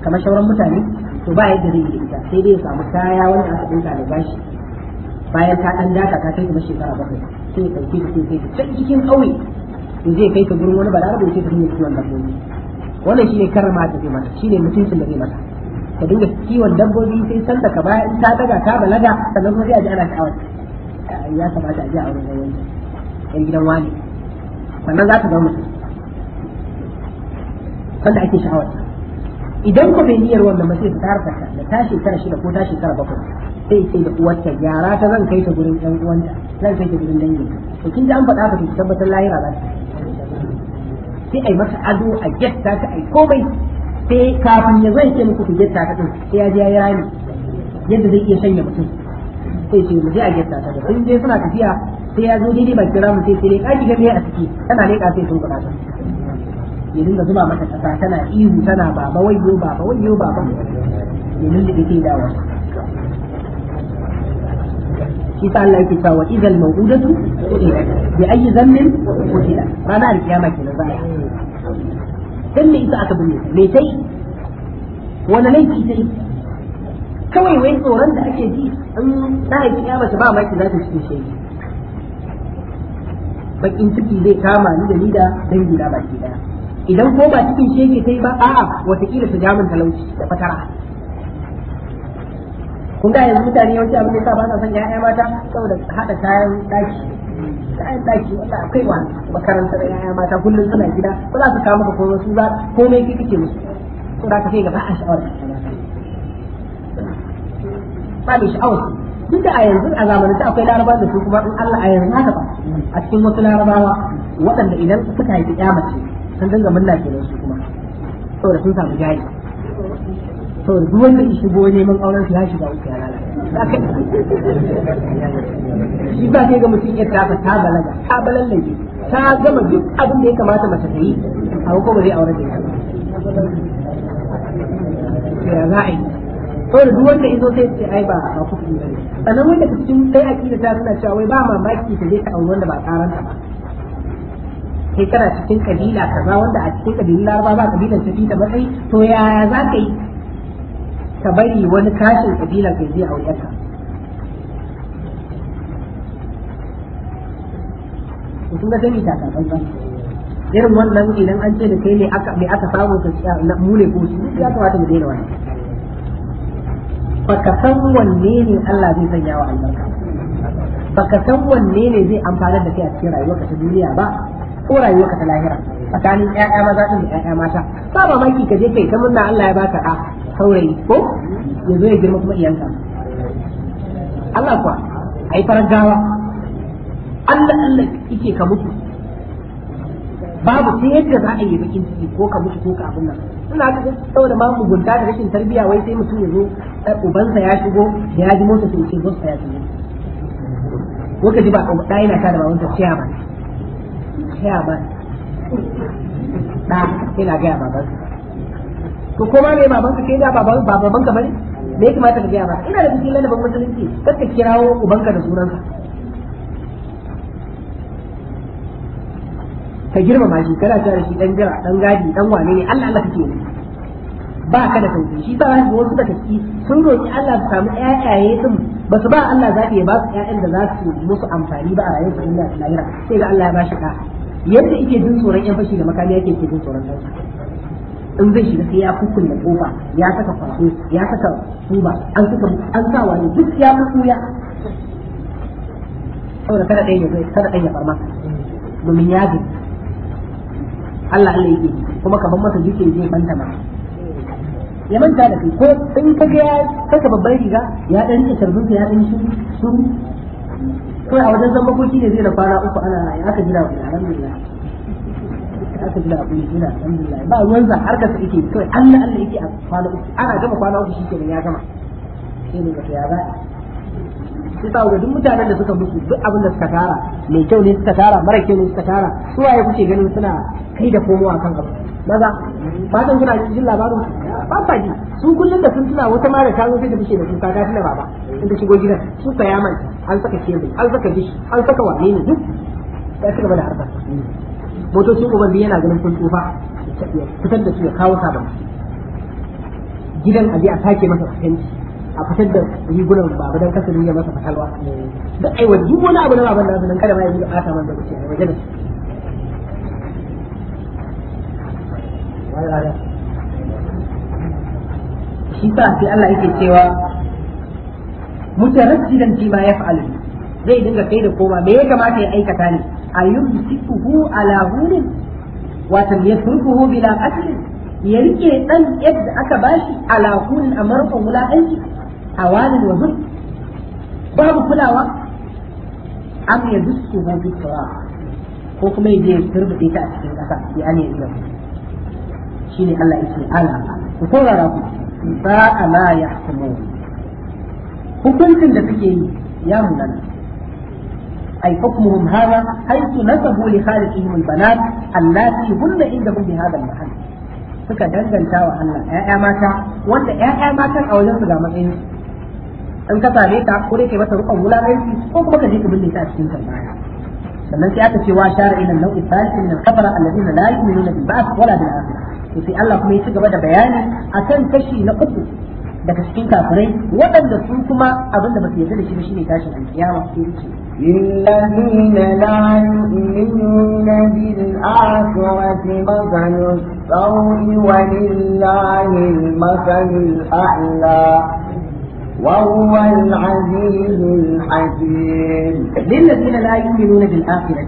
S1: kamar shauran mutane to ba yadda zai yi ita sai dai ya samu kaya wanda aka dinka da bashi bayan ka dan daka ka kai kuma shekara bakwai sai ya dauke ka sai ka can cikin ƙauye to zai kai ka gurin wani ba. da ya ce ka dinga kiwon dabbobi wannan shine karama da zai mata shine mutuncin da zai mata ka dinga kiwon dabbobi sai san ka bayan ta daga ka balaga sannan kuma sai a ji ana sha'awar ya kamata a ji a wurin wani ɗan gidan wani sannan za ta zama mutum wanda ake sha'awar idan ku bai niyyar wannan mace ta tarfa ta da ta shekara shida ko ta shekara bakwai sai sai da uwarta yara ta zan kai ta gurin ɗan uwanta zan kai ta gurin dangin to kin ji an faɗa ka ki tabbatar lahira za ta sai ai masa ado a getta ta ai komai sai kafin ya zai ce muku ku getta ta din sai ya ji ya rami yadda zai iya sanya mutum sai ce mu je a getta ta da sun je suna tafiya sai ya zo daidai ban kira mu sai sai leka ki ga a ciki tana leka sai sun kuma ta ya dinga zuba mata kasa tana ihu tana baba wayyo baba wayyo baba ya dinga take dawo shi ta Allah yake cewa idal mawudatu bi ayi zammin qutila ranar kiyama kenan za dan me ita aka bune me tai wani laifi tai kawai wai tsoron da ake ji an ta haifi kiyama ba maki za ta shi shege bakin ciki zai kama ni da ni da dangi na baki daya idan ko ba cikin shege sai ba a'a watakila su jamin talauci da fatara kun ga yanzu mutane yawanci abin da ba sa son yaya mata saboda hada kayan daki kayan daki wanda akwai wa makaranta da ƴaƴa mata kullum suna gida ba za su kawo maka komai su ba komai kike kike musu ko da ka ga ba a sha'awar ba da sha'awar tunda a yanzu a zamanin ta akwai laraba da su kuma in Allah a yanzu haka ba a cikin wasu larabawa waɗanda idan suka haifi ya mace sun dinga murna kenan su kuma saboda sun samu jari saboda duk wanda ya shigo neman auren su ya shiga uku ya lalata shi ba sai ga mutum ya tafa ta balaga ta balallaje ta gama duk abin da ya kamata mace ta yi a hukumar ba zai aure da ya za a yi saboda duk wanda izo sai ce ai ba ba kuɗi ba sannan wanda cikin sai akida ta suna cewa wai ba mamaki ta je ta auri wanda ba karanta ba kai kana cikin kabila kaza wanda a cikin kabilun laraba ba kabilan ta fita matsayi to yaya za ka yi ka bari wani kashin kabilan ka zai aure ka kun ga sani ta ba irin wannan idan an ce da kai ne aka me aka samu ka mu ne ko shi ya kamata mu daina wannan baka san wanne ne Allah zai sanya wa albarka baka san wanne ne zai amfana da kai a cikin rayuwarka ta duniya ba ko rayuwarka ta lahira tsakanin ƴaƴa maza din da ƴaƴa mata ba mamaki ka je kai ta murna Allah ya baka a saurayi ko ya zo ya girma kuma iyanka Allah kuwa ai farar gawa Allah Allah yake ka mutu babu sai yadda za a yi bakin ciki ko ka mutu ko ka abun nan suna haka saboda ma mugunta da rashin tarbiyya wai sai mutum ya zo eh, ubansa ya shigo da ya ji motsa sai ce bossa ya shigo ko ka ji ba ɗa yana ta da mamansa chairman ba da yana gaya babansa to ko ma me babansa kai da baban babanka bane me ya kamata ka gaya ba ina da bikin ladabin musulunci kar ka kirawo ubanka da sunansa ka girmama shi kana tare shi dan jira dan gadi dan wane ne Allah Allah kake yi ba ka da tausayi shi ba wasu da kaki sun roƙi Allah su samu ƴaƴaye din ba su ba Allah zafi ya ba su ƴaƴan da za su musu amfani ba a rayuwar su Allah lahira sai ga Allah ya ba shi ka yadda yake jin tsoron ƴan fashi da makami yake ke jin tsoron kansa in zai shiga sai ya kukkulle kofa ya saka kwaso ya saka tuba an saka an sa wani duk ya kuya saboda kada ɗaya ya kada ɗaya ya farma domin ya gaji Allah Allah yake kuma ka masa zikiri zai fanta ma ya manta da kai ko in ka ga saka babban riga ya dan ce sharbin ya dan shi su ko a wajen zamba ko ne zai da fara uku ana ya aka jira ku alhamdulillah aka jira ku jira alhamdulillah ba ruwan za har ka yake kai Allah Allah yake a kwana uku ana gama kwana uku shi ke ya gama shi ne ka ya ba shi sa duk mutanen da suka musu duk abin da suka tara mai kyau ne suka tara mara kyau ne suka tara su waye kuke ganin suna kai da komowa kan abu maza fatan kuna jin labarin ba ba ji su kullum da sun tuna wata mara ta zo sai da bishe da su ta tuna baba Inda shigo gidan su saya yaman an saka mai an saka dishi an saka wane ne duk ya ci gaba da harkar motocin uban yana ganin sun tsufa fitar da su ya kawo sabon gidan aje a sake masa fahimci a fitar da rigunan baba dan kasa ya masa fatalwa da ai wani duk wani abu na baban da nan kada ma ya yi bata man da kuce a wajen shi sa sai Allah yake cewa mutaraddidan fi ma yaf'alu zai dinga kai da koma me ya kamata ya aikata ne ayyumsikuhu ala hurin watan yasrufuhu bila qasrin ya rike dan yadda aka bashi ala hurin amma rufin wulaƙanci A awanin wazun babu kulawa am ya dusu na fitowa ko kuma ya je ya turbuɗe ta a cikin ƙasa ya ne ila shi ne Allah ya ce ala ku saurara ku ba a ala ya hukumu hukuncin da suke yi ya munana أي حكمهم هذا حيث نسبوا لخالقهم البنات اللاتي هن عندهم بهذا المحل suka danganta wa Allah ‘ya'ya mata wanda ‘ya'ya matan a wajen su ga matsayin in ka same ta ko dai kai mata rukun wulalanci ko kuma ka je ka binne ta a cikin karbaya sannan sai aka ce wa shara ila nau'i thalith min al-kafara alladhina la yu'minuna bil ba'th wala bil akhirah to sai Allah kuma ya ci gaba da bayani akan kashi na uku daga cikin kafirai waɗanda su kuma abin da ba su yarda da shi ba shine tashin alkiyama sai yake
S2: للذين لا يؤمنون بالآخرة مثل السوء ولله المثل الأعلى
S1: وهو العزيز الحكيم للذين لا يؤمنون بالآخرة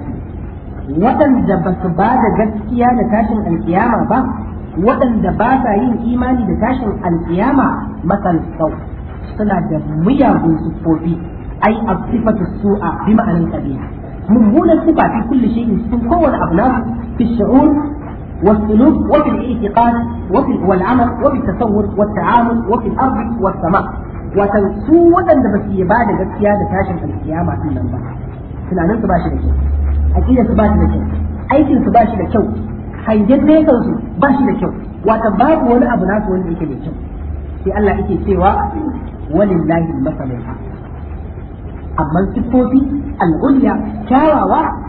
S1: وطن دبس بعد جسكيا نتاشن القيامة با وطن دباسا يين إيماني نتاشن القيامة مثل سوء صلاة دمية من سفوبي أي الصفة السوء بمعنى سبيع ممونة سبع في كل شيء سنكوة والأبناء في الشعور والسلوك وفي الاعتقاد والعمل وفي التصور والتعامل وفي الأرض والسماء watan su waɗanda ba su yi ba da gaskiya da tashin alkiyama din nan ba tunanin su ba shi da kyau aqidar su ba shi da kyau aikin su ba shi da kyau hangen nesan su ba shi da kyau watan babu wani abu nasu wanda yake da kyau sai Allah yake cewa walillahi masalul amma sifofi al'uliya kyawawa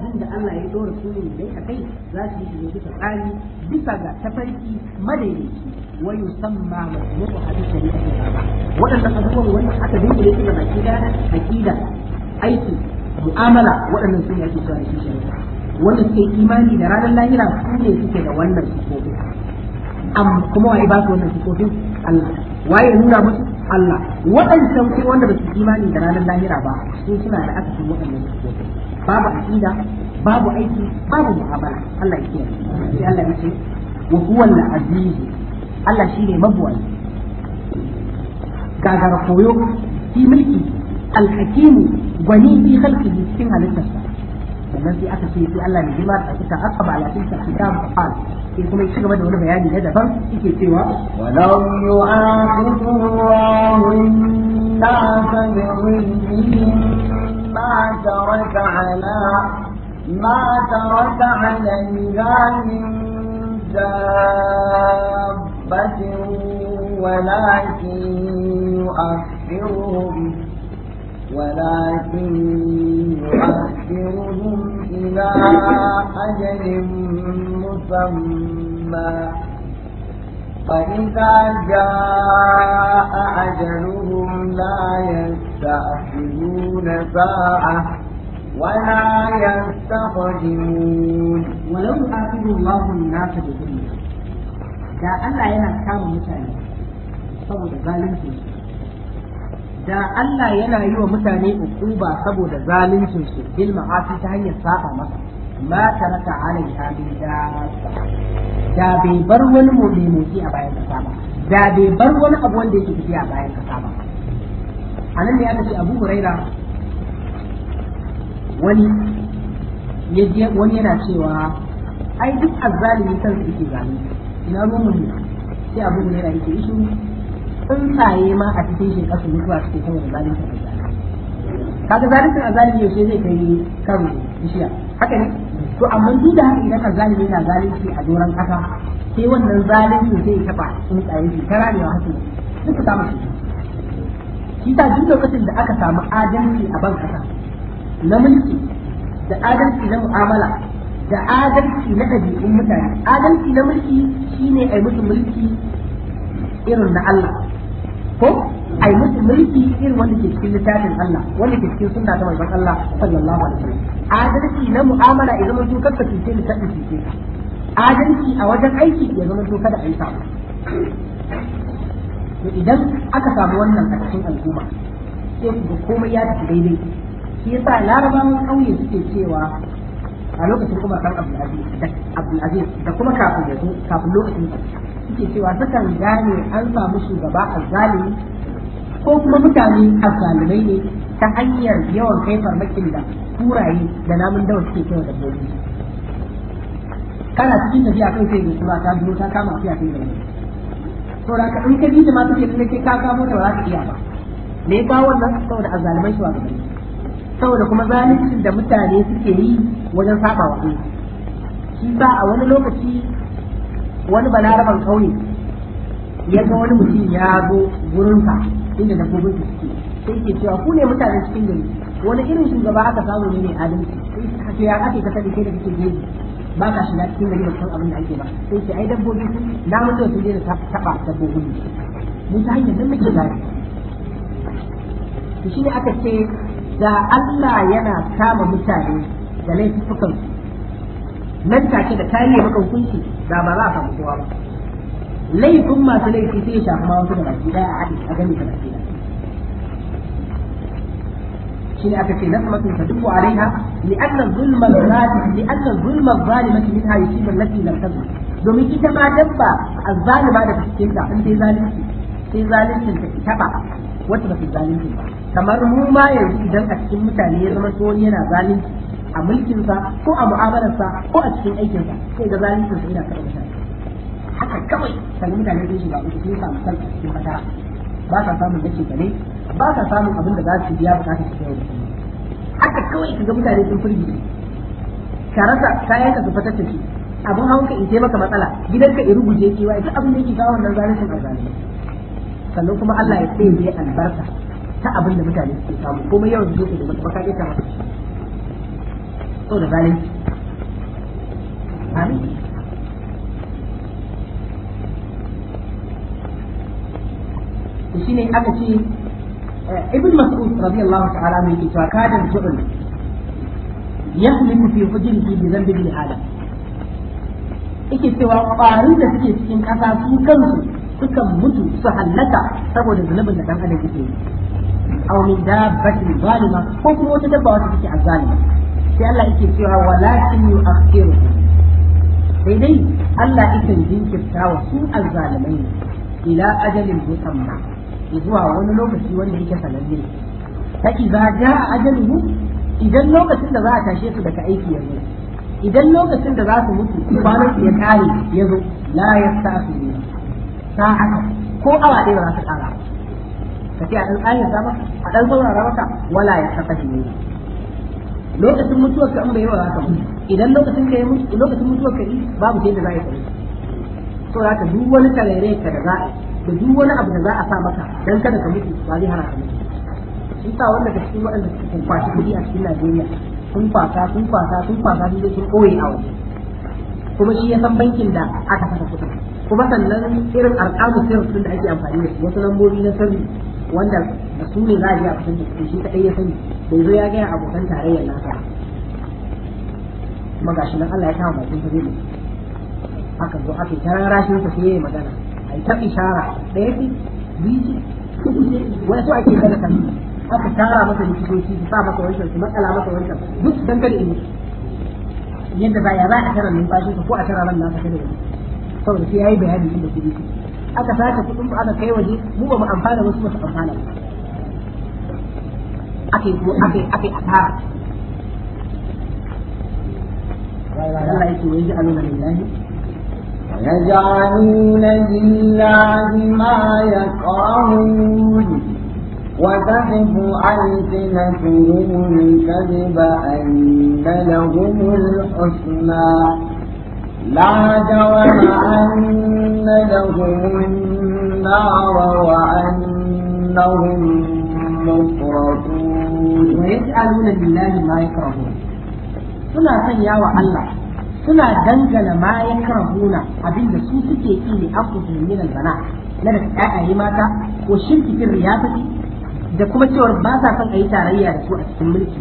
S1: abin da Allah ya dora su ne dai a kai za su yi shi tsari bisa ga tafarki madaidaici wa yusamma mazmuhu hadith shari'a ba abubuwan aka yake da baki da aqida aiki mu'amala waɗannan sun yake cewa shi shari'a wanda sai imani da ranar lahira su ne suke da wannan sifofi
S2: am kuma waye
S1: ba su wannan sifofin Allah waye nuna musu Allah waɗancan kuma wanda ba su imani da ranar lahira ba sun suna da akasin waɗannan sifofin babu aqida babu aiki babu mu'amala Allah ya kiyaye sai Allah ya ce wa huwa al-aziz Allah shine mabuwai gagara koyo fi mulki al-hakim gwani fi khalqihi cikin halittarsa sannan sai aka ce sai Allah ne jima da aka aqaba ala tilka kitab qala kuma ci gaba da wani bayani na daban yake cewa walau
S2: yu'aqibu Allahu an-nasa bi ma taraka ala ma taraka min dabbatin walakin yu'akhiruhum إلى أجل مسمى فإذا جاء أجلهم لا يستأخرون ساعة
S1: ولا يستقدمون ولو يؤاخذ الله الناس بظلمهم da Allah yana kama mutane saboda zalunci da Allah yana yi wa mutane ukuba saboda zaluncin su bil ma'asi ta hanyar saba masa ma taraka alaiha bi da da bai bar wani mu'min motsi a bayan kasa ba da bai bar wani abu wanda yake tafiya a bayan kasa ba anan ne aka ce Abu Huraira wani yaje wani yana cewa ai duk azzalimi kansa yake zalunci ina ruwan mu sai Abu Huraira yake isu tsuntsaye ma a cikin shi kasu mutuwa suke kan zalunci kaga zalunci a zalunci yaushe zai kai kan bishiya haka ne to amma duk da haka idan zalimi na zalunci a doron kasa sai wannan zalunci zai taba tsuntsaye shi tara ne wa haka duk ka samu shi ta duk lokacin da aka samu adalci a ban kasa na mulki da adalci na mu'amala da adalci na ɗabi'un mutane adalci na mulki shine ai musu mulki irin na Allah ko ai musu mulki irin wanda ke cikin littafin Allah wanda ke cikin sunna ta manzon Allah sallallahu alaihi wasallam adalci na mu'amala ya zama tukar ka cikin littafin cikin adalci a wajen aiki ya zama tukar da ai samu idan aka samu wannan a cikin al'umma sai ku komai ya tafi daidai shi yasa larabawan kauye suke cewa a lokacin kuma kan Abdul Aziz da kuma kafin lokacin zo suke cewa sukan gane an samu shugaba a zalimi ko kuma mutane zalimai ne ta hanyar yawan kai farmakin da turaye da namun dawa suke kewa da dabbobi kana cikin tafiya kan sai da tura ta biyo ta kama fiya kai da ne to da in ka bi da ma suke da ka kamo da ba za ka iya ba me ya kawo wannan saboda azzalimai shi wa saboda kuma zalincin da mutane suke yi wajen saba wa shi sa a wani lokaci wani balaraban kauye ya ga wani mutum ya zo ka inda da gobin su suke sai ke cewa ku ne mutanen cikin gari wani irin shugaba aka samu ne mai adalci sai ka ya ake ka sani kai da kake gari ba ka shiga cikin gari ba san abin da ake ba sai ce ai dabbobi sun na mutum sun je da taba dabbobin mu ta hanyar nan muke gari to shi ne aka ce da Allah yana kama mutane da laifukan nan take da kare maka hukunci da ba za a samu kowa ba laifin masu laifi sai ya shafi ma da baki daya a hadisi a gani da baki daya شيء أكثر نقمة تدب عليها لأن الظلم الظالم لأن الظلم الظالمة منها يصيب التي لم تظلم domin ita ma dabba a ba da cikin ta in dai zalunci sai zaluncin ta ita ba wata ba su zalunci ba kamar mu ma yanzu idan a cikin mutane ya zama tsohon yana zalunci a mulkinsa ko a mu'amalarsa ko a cikin aikinsa sai ga zalunci sa yana karɓar shi haka kawai sanin mutane sun shiga uku sun samu sarki cikin fata ba sa samun dace gare ba sa samun abin da za su biya ba ka yau da kullum haka kawai kaga mutane sun furgi ka rasa kayan ka su fatar da shi abin hawan ka in maka matsala gidanka in ruguje ki wai duk abin da yake kawo wannan zalincin ka zalunci sannan kuma Allah ya tsaye albarka ta abin da mutane suke samu komai yawan zuwa da maka kake ta maka saboda amin ne aka ce eh, ibn mas'ud radiyallahu ta'ala mai ke cewa kadar ju'ul yahliku fi hujrihi bi dhanbi bil adam yake cewa ƙwarin da suke cikin ƙasa su kansu sukan mutu su hallaka saboda zunubin da ɗan adam yake yi aw min dabbatin zalima ko kuma wata dabba wata take azzalima sai Allah yake cewa walakin yu'akhiru sai dai Allah yake jinkirta wa su azzalimai ila ajalin musamma zuwa wani lokaci wanda yake sananne idza idan lokacin da za a tashe su daga aiki yanzu idan lokacin da za su mutu kwanan su ya kare ya zo la yastafi sa'a ko awa ɗaya ba za su kara ka ce a ɗan tsayin sama a ɗan saurara maka wala ya saka ne lokacin mutuwar ka an bai yawa haka idan lokacin ka ya mutu lokacin mutuwar ka babu sai da za a yi to haka duk wani tarere ka da za a da duk wani abu da za a sa maka dan kada ka mutu ba zai hana ka mutu sun sa wanda ka cikin waɗanda suka kwashi kuɗi a cikin Najeriya sun kwasa sun kwasa sun kwasa sun sun koye a waje kuma shi ya san bankin da aka saka kuɗi kuma sannan irin alƙamu sun da ake amfani da su wasu lambobi na sirri wanda da su ne za a yi a da shi kaɗai ya sani yanzu ya gaya abokan tarayyar nasa kuma gashi nan Allah ya kama bakin ta zai aka zo aka yi tarar rashin ta sai ya yi magana a yi ta ishara ɗaya ce biyu ce wani su ake gana kan aka tara masa likitoci su sa masa wancan su matsala masa wancan duk su dangane in yadda za ya za a tara numfashin ko a tara ran nasa ta wani saboda sai ya yi bayani inda su, aka sace kuɗin aka kai waje mu ba mu amfana wasu ba su amfana ba ake ake ake asara Allah
S2: ويجعلون لله ما يكرهون وتحف ألسنتهم الكذب أن لهم الحسنى لا جرم أن لهم النار
S1: وأنهم مفرطون ويجعلون لله ما يكرهون suna sanya wa Allah suna dangana ma ya karahuna abinda su suke yi ne aku min albana na da ƴaƴaye mata ko shirki fil riyasati da kuma cewar ba sa son ayi tarayya da su a cikin mulki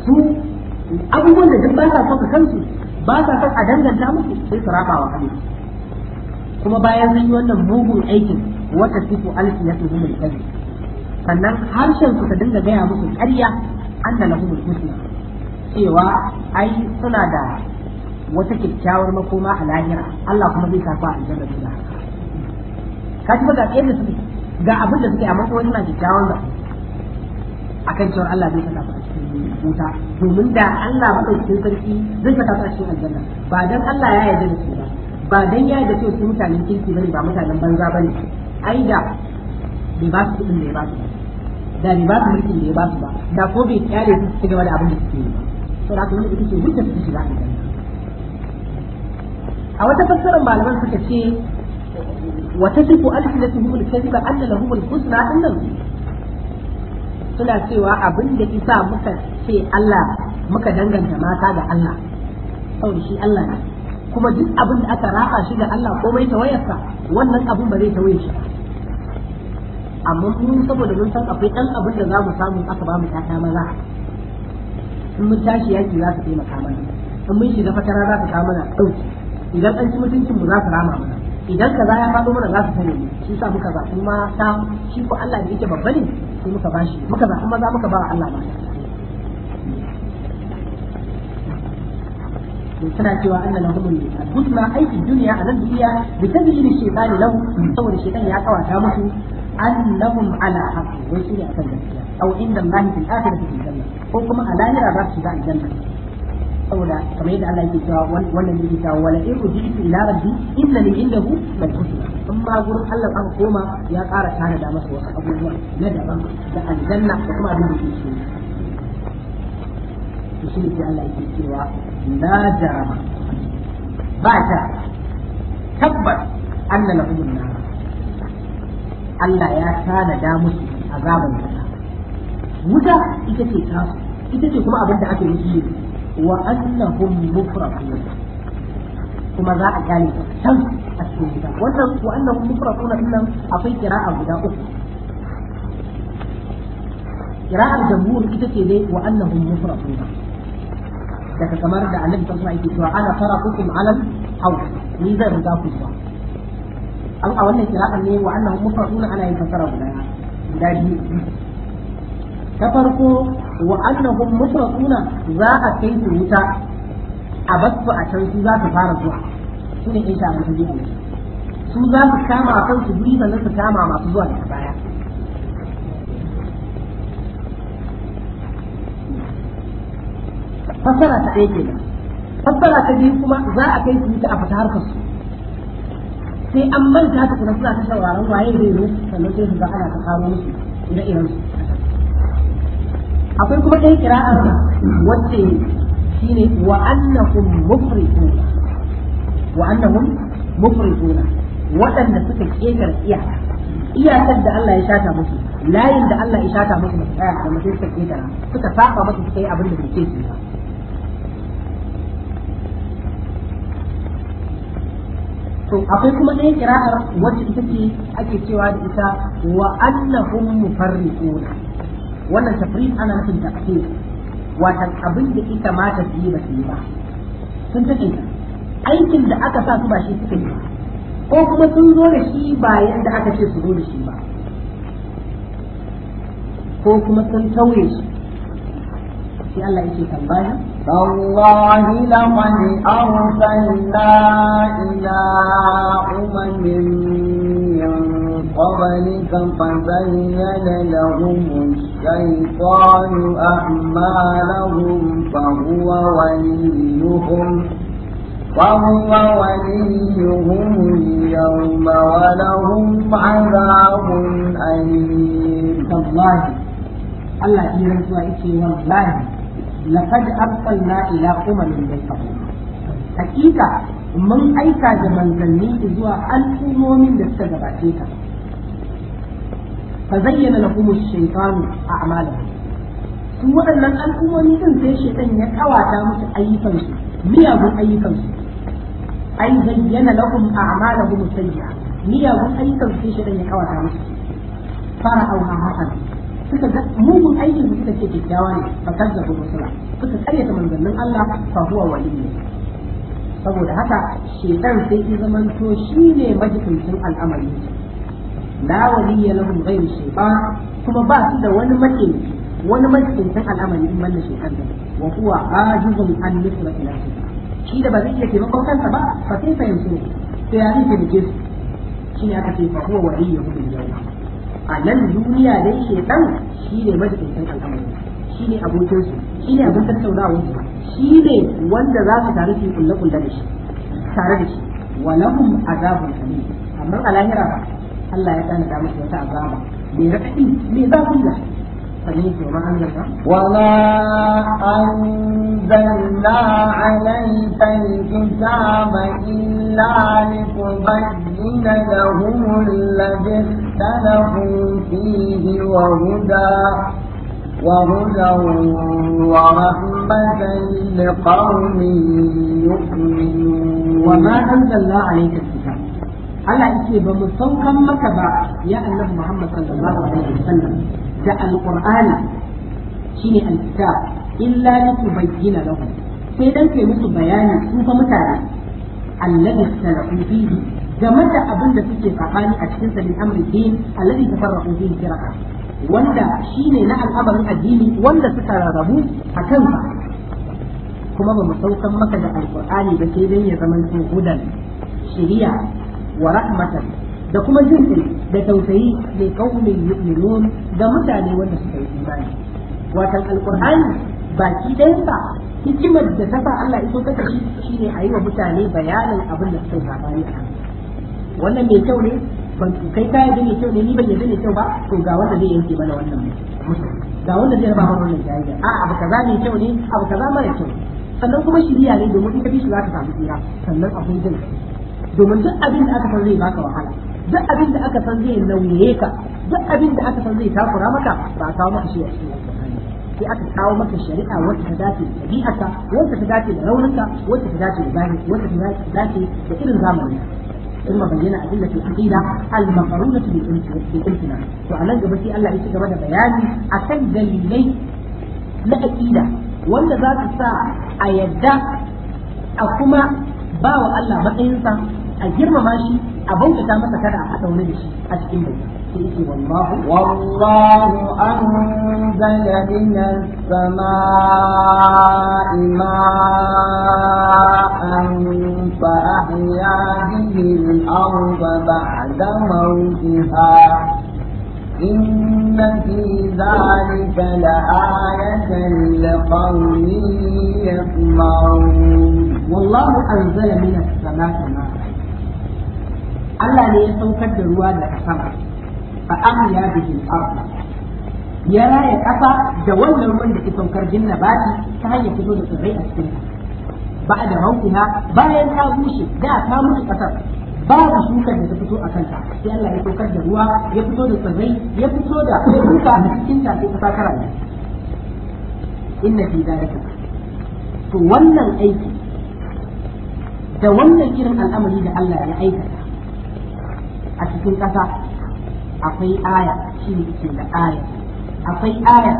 S1: su abubuwan da duk ba sa son ka kansu ba sa son a danganta musu sai su raba wa kuma bayan sun wannan mugun aikin wata sifu alfiyatuhum alkadhib sannan harshen su ta dinga gaya musu ƙarya anna lahum alhusna cewa ai suna da wata kyakkyawar makoma a lahira Allah kuma zai kafa aljanna da haka ka ci ga ƙarya su ga abin da suke amma kuma suna kyakkyawan da akan cewa Allah zai kafa a cikin wuta domin da Allah madaukakin sarki zai kafa a cikin aljanna ba dan Allah ya yarda da su ba ba dan ya yarda da su mutanen kirki bane ba mutanen banza bane ai da bai ba su kuɗin da ya ba su da bai ba su mulkin da ya ba su ba da ko bai kyale su su gaba da abin da suke yi ba to da wani ita ce hujjar su shiga aljanna a wata fassarar malaman suka ce wata wa tasifu alsinatuhum alkadhiba anna lahum alhusna dinnan suna cewa abin da isa muka ce Allah muka danganta mata da Allah saboda shi Allah ne kuma duk abin da aka rafa shi da Allah komai tawayarsa wannan abin ba zai tawaye shi ba amma mun saboda mun san akwai dan abin da za mu samu aka ba mu ta maza in mun tashi yaki za su taimaka mana in mun shiga fatara za su ta mana ɗauki idan an ci mutuncin mu za su rama mana idan kaza ya faɗo mana za su sani mu shi sa muka ba kuma ta shi ko Allah da yake babba ne sai muka ba shi muka ba amma za muka ba Allah ba tana cewa anna lahum al-husna ay fi dunya ala dunya bi tadbir shaytan lahu saboda shaytan ya kawata musu annahum ala haqqi wai shi kan gaskiya aw inda Allah fil akhirati fil janna ko kuma a lahira za su ga aljanna saboda kamar yadda Allah yake cewa wannan yake cewa wala in ujitu ila rabbi inna li indahu lal husna amma gurin Allah an koma ya ƙara tana da masa wasu abubuwa na daban da aljanna da kuma abin da ke shi to shi ne Allah yake cewa la jarama ba ta tabbas anna lahum Allah ya tanada musu azaban kasa wuta ita ce tasu ita ce kuma abin da aka yi shi wa annahum mufraqun kuma za a gane can a cikin gida wannan wa annahum mufraqun nan akwai kira'a guda uku kira'ar jamhur ita ce dai wa annahum mufraqun daga kamar da annabi sallallahu alaihi wasallam yake cewa ana faraqukum alal aw ni zan riga ku zuwa an a wannan kira'an ne wa annahu mufradun ana yin fassara guda guda biyu ta farko wa annahum mufraduna za a kai su wuta a basu a can su za su fara zuwa su ne insha Allah ji su za su kama kansu guri sannan su kama masu zuwa daga baya fassara ta ɗaya da. fassara ta biyu kuma za a kai su wuta a fita harkar su sai an manta haka kuma suna ta shawaran waye zai zo sannan sai su ga ana ta kawo musu ire iren su akwai kuma ɗaya kira'ar wacce shine wa annahum mufrikuna wa annahum mufrikuna waɗanda suka ƙetar iyaka iyakar da Allah ya shata musu layin da Allah ya shata musu da mutum suka ƙetara suka saba musu suka yi abin da bai ce ba to akwai kuma ɗaya kira'ar wacce ita ce ake cewa da ita wa annahum mufarriquna wannan tafriq ana nufin tafsir wata abin da ita ma ta yi ba ba sun take aikin da aka sa su ba shi suke yi ko kuma sun zo da shi ba yadda aka ce su zo da shi ba ko kuma sun tauye shi sai Allah yake tambaya
S2: تالله لقد أرسلنا إلى أمم من قبلك فزين لهم الشيطان أعمالهم فهو وليهم فهو وليهم اليوم ولهم
S1: عذاب أليم الله الله يرزقك والله laqad arsalna ila umamin min qabl hakika mun aika da manzanni zuwa al'ummomin da suka gabace ka fa zayyana lahum su waɗannan al'ummomi din sai shaitan ya kawata musu ayyukansu miyagun ayyukansu ai zayyana lahum a'malahum sayyi'a miyagun ayyukansu sai shaitan ya kawata musu fara auha hasan suka ga mugun aikin da suka ce kyakkyawa ne fa kazzabu rusula suka karyata manzannin Allah fa huwa ne. saboda haka shedan sai ya zamanto shine majikincin al'amari la waliyya lahum ghayru shaytan kuma ba su da wani makin wani majikincin al'amari in banda shedan da wa huwa ajizun an nusrati nafsi shi da ba zai iya taimakon kansa ba fa sai fahimci to ya zai taimake su shi ne aka ce fa huwa waliyyu a nan duniya dai shedan shi ne majalisin al'amari shi ne abokinsu shi ne abin tattaunawa shi ne wanda za su tare su kulle kulle da shi tare da shi wa lahum azabun amma a lahira ba Allah ya tsana da musu wata azaba mai raɗaɗi mai zafin da
S2: وما أنزلنا عليك الكتاب إلا لتبين لهم الذي اختلفوا فيه وهدى وهدى ورحمة لقوم
S1: يؤمنون وما أنزلنا عليك الكتاب على إتي بمصنكم مكبا يا أنه محمد صلى الله عليه وسلم da alqur'ani shine alkitab illa litubayyana lahum sai dan kai musu bayani su fa mutane alladhi salafu fihi game da abin da suke sabani a cikin sa min amri din alladhi tafarraqu fihi firqa wanda shine na al'amarin addini wanda suka rarrabu a kansa kuma ba mu saukan maka da alqur'ani ba sai dan ya zama hudan shari'a wa rahmatan da kuma jin kai da tausayi da kaunin yu'minun da mutane wanda suka yi imani watan alqur'ani baki ɗayansa hikimar da ta sa Allah iso ta shi shine a yi wa mutane bayanin abin da suka sabani a wannan mai kyau ne ban kai ka yi mai kyau ne ni ban yarda mai kyau ba to ga wanda zai yanke mana wannan ga wanda zai raba mana wannan jayayya a abu kaza mai kyau ne abu kaza mara kyau sannan kuma shirya ne domin ita bishi za ta samu tsira sannan akwai jin domin duk abin da aka san zai baka wahala duk abin da aka san zai nauye ka duk abin da aka san zai takura maka ba a kawo maka shi a cikin alƙur'ani sai aka kawo maka shari'a wacce ta dace da ɗabi'arka wacce ta dace da raunuka wacce ta dace da gani wacce ta dace da irin zamani. In ma bayyana ke to zamanin ثم بين أدلة العقيدة المقرونة بالامتناع وعلى جبتي الله na بدا wanda za دليلي sa a ذات a kuma ba wa Allah matsayinsa. a girmama shi a bautata masa kada a haɗa wani da shi a cikin bai sai yake wallahu wallahu anzala
S2: minas samaa'i ma'an fa ahya bihi al-ardha ba'da mawtiha إن في ذلك لآية لقوم يسمعون والله
S1: أنزل من السماء ماء Allah ne ya saukar da ruwa daga sama fa amya bihi al-ardh ya raya kasa da wannan ruwan da ke saukar jinna baki ta hanyar fito da tsirrai a cikin ba da maukiha bayan ta bushe da ta mutu kasar babu shukar da ta fito a kanta sai Allah ya saukar da ruwa ya fito da tsirrai ya fito da shuka a cikin ta sai kasa kara inna fi dalika to wannan aiki da wannan irin al'amari da Allah ya aikata a cikin ƙasa akwai aya shi ne cikin da aya akwai aya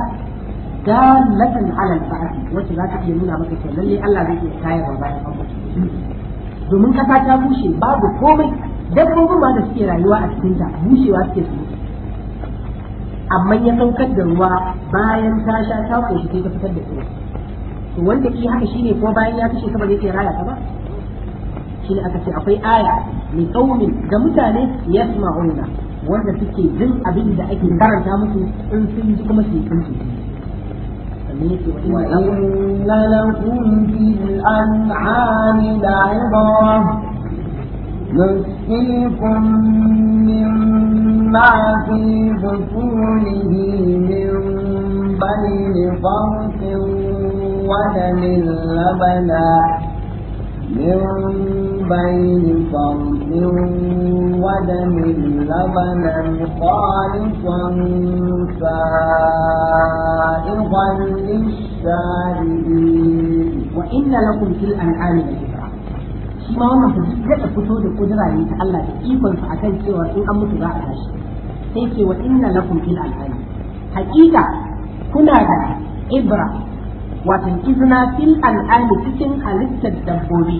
S1: dalatan alal ba'ati wacce za ta iya nuna maka cewa lalle Allah zai iya wa bayan an mutu domin ƙasa ta bushe babu komai dabbobin ma da suke rayuwa a cikin ta bushewa suke su amma ya saukar da ruwa bayan ta sha ta koshi sai ta fitar da ruwa wanda ke haka shine ko bayan ya kashe sama zai iya raya ta ba shine aka ce akwai aya mai qaumin ga mutane yasma'una wanda suke jin abin da ake karanta musu in sun ji kuma su yi kansu وإن
S2: لكم في الأنعام لعبرة نسقيكم مما في بطونه من بين فرث ودم لبنا من بين صمت ودم لبنا خالصا سائغا
S1: للشاربين وإن لكم في الأنعام shi ma wannan ku daɗa fito da kudura ne ta Allah da ikon su akan cewa in an mutu za a tashi sai ce wa inna lakum fil al'ani hakika kuna da ibra watan izna fil al'ani cikin halittar dabbobi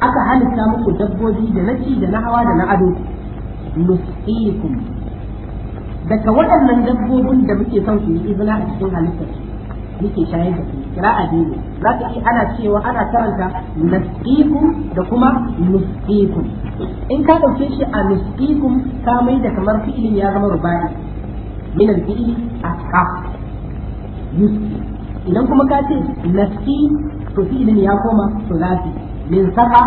S1: aka halitta muku dabbobi da na ci da na hawa da na ado nusqikum daga waɗannan dabbobin da muke son su yi izina a cikin halittar muke shayar da su kira a dini za ka yi ana cewa ana karanta nusqikum da kuma nusqikum in ka ɗauke shi a nusqikum ka mai da kamar fi'ilin ya zama rubai min al-fi'li asqa yusqi idan kuma ka ce nusqi to fi'ilin ya koma sulasi min sarra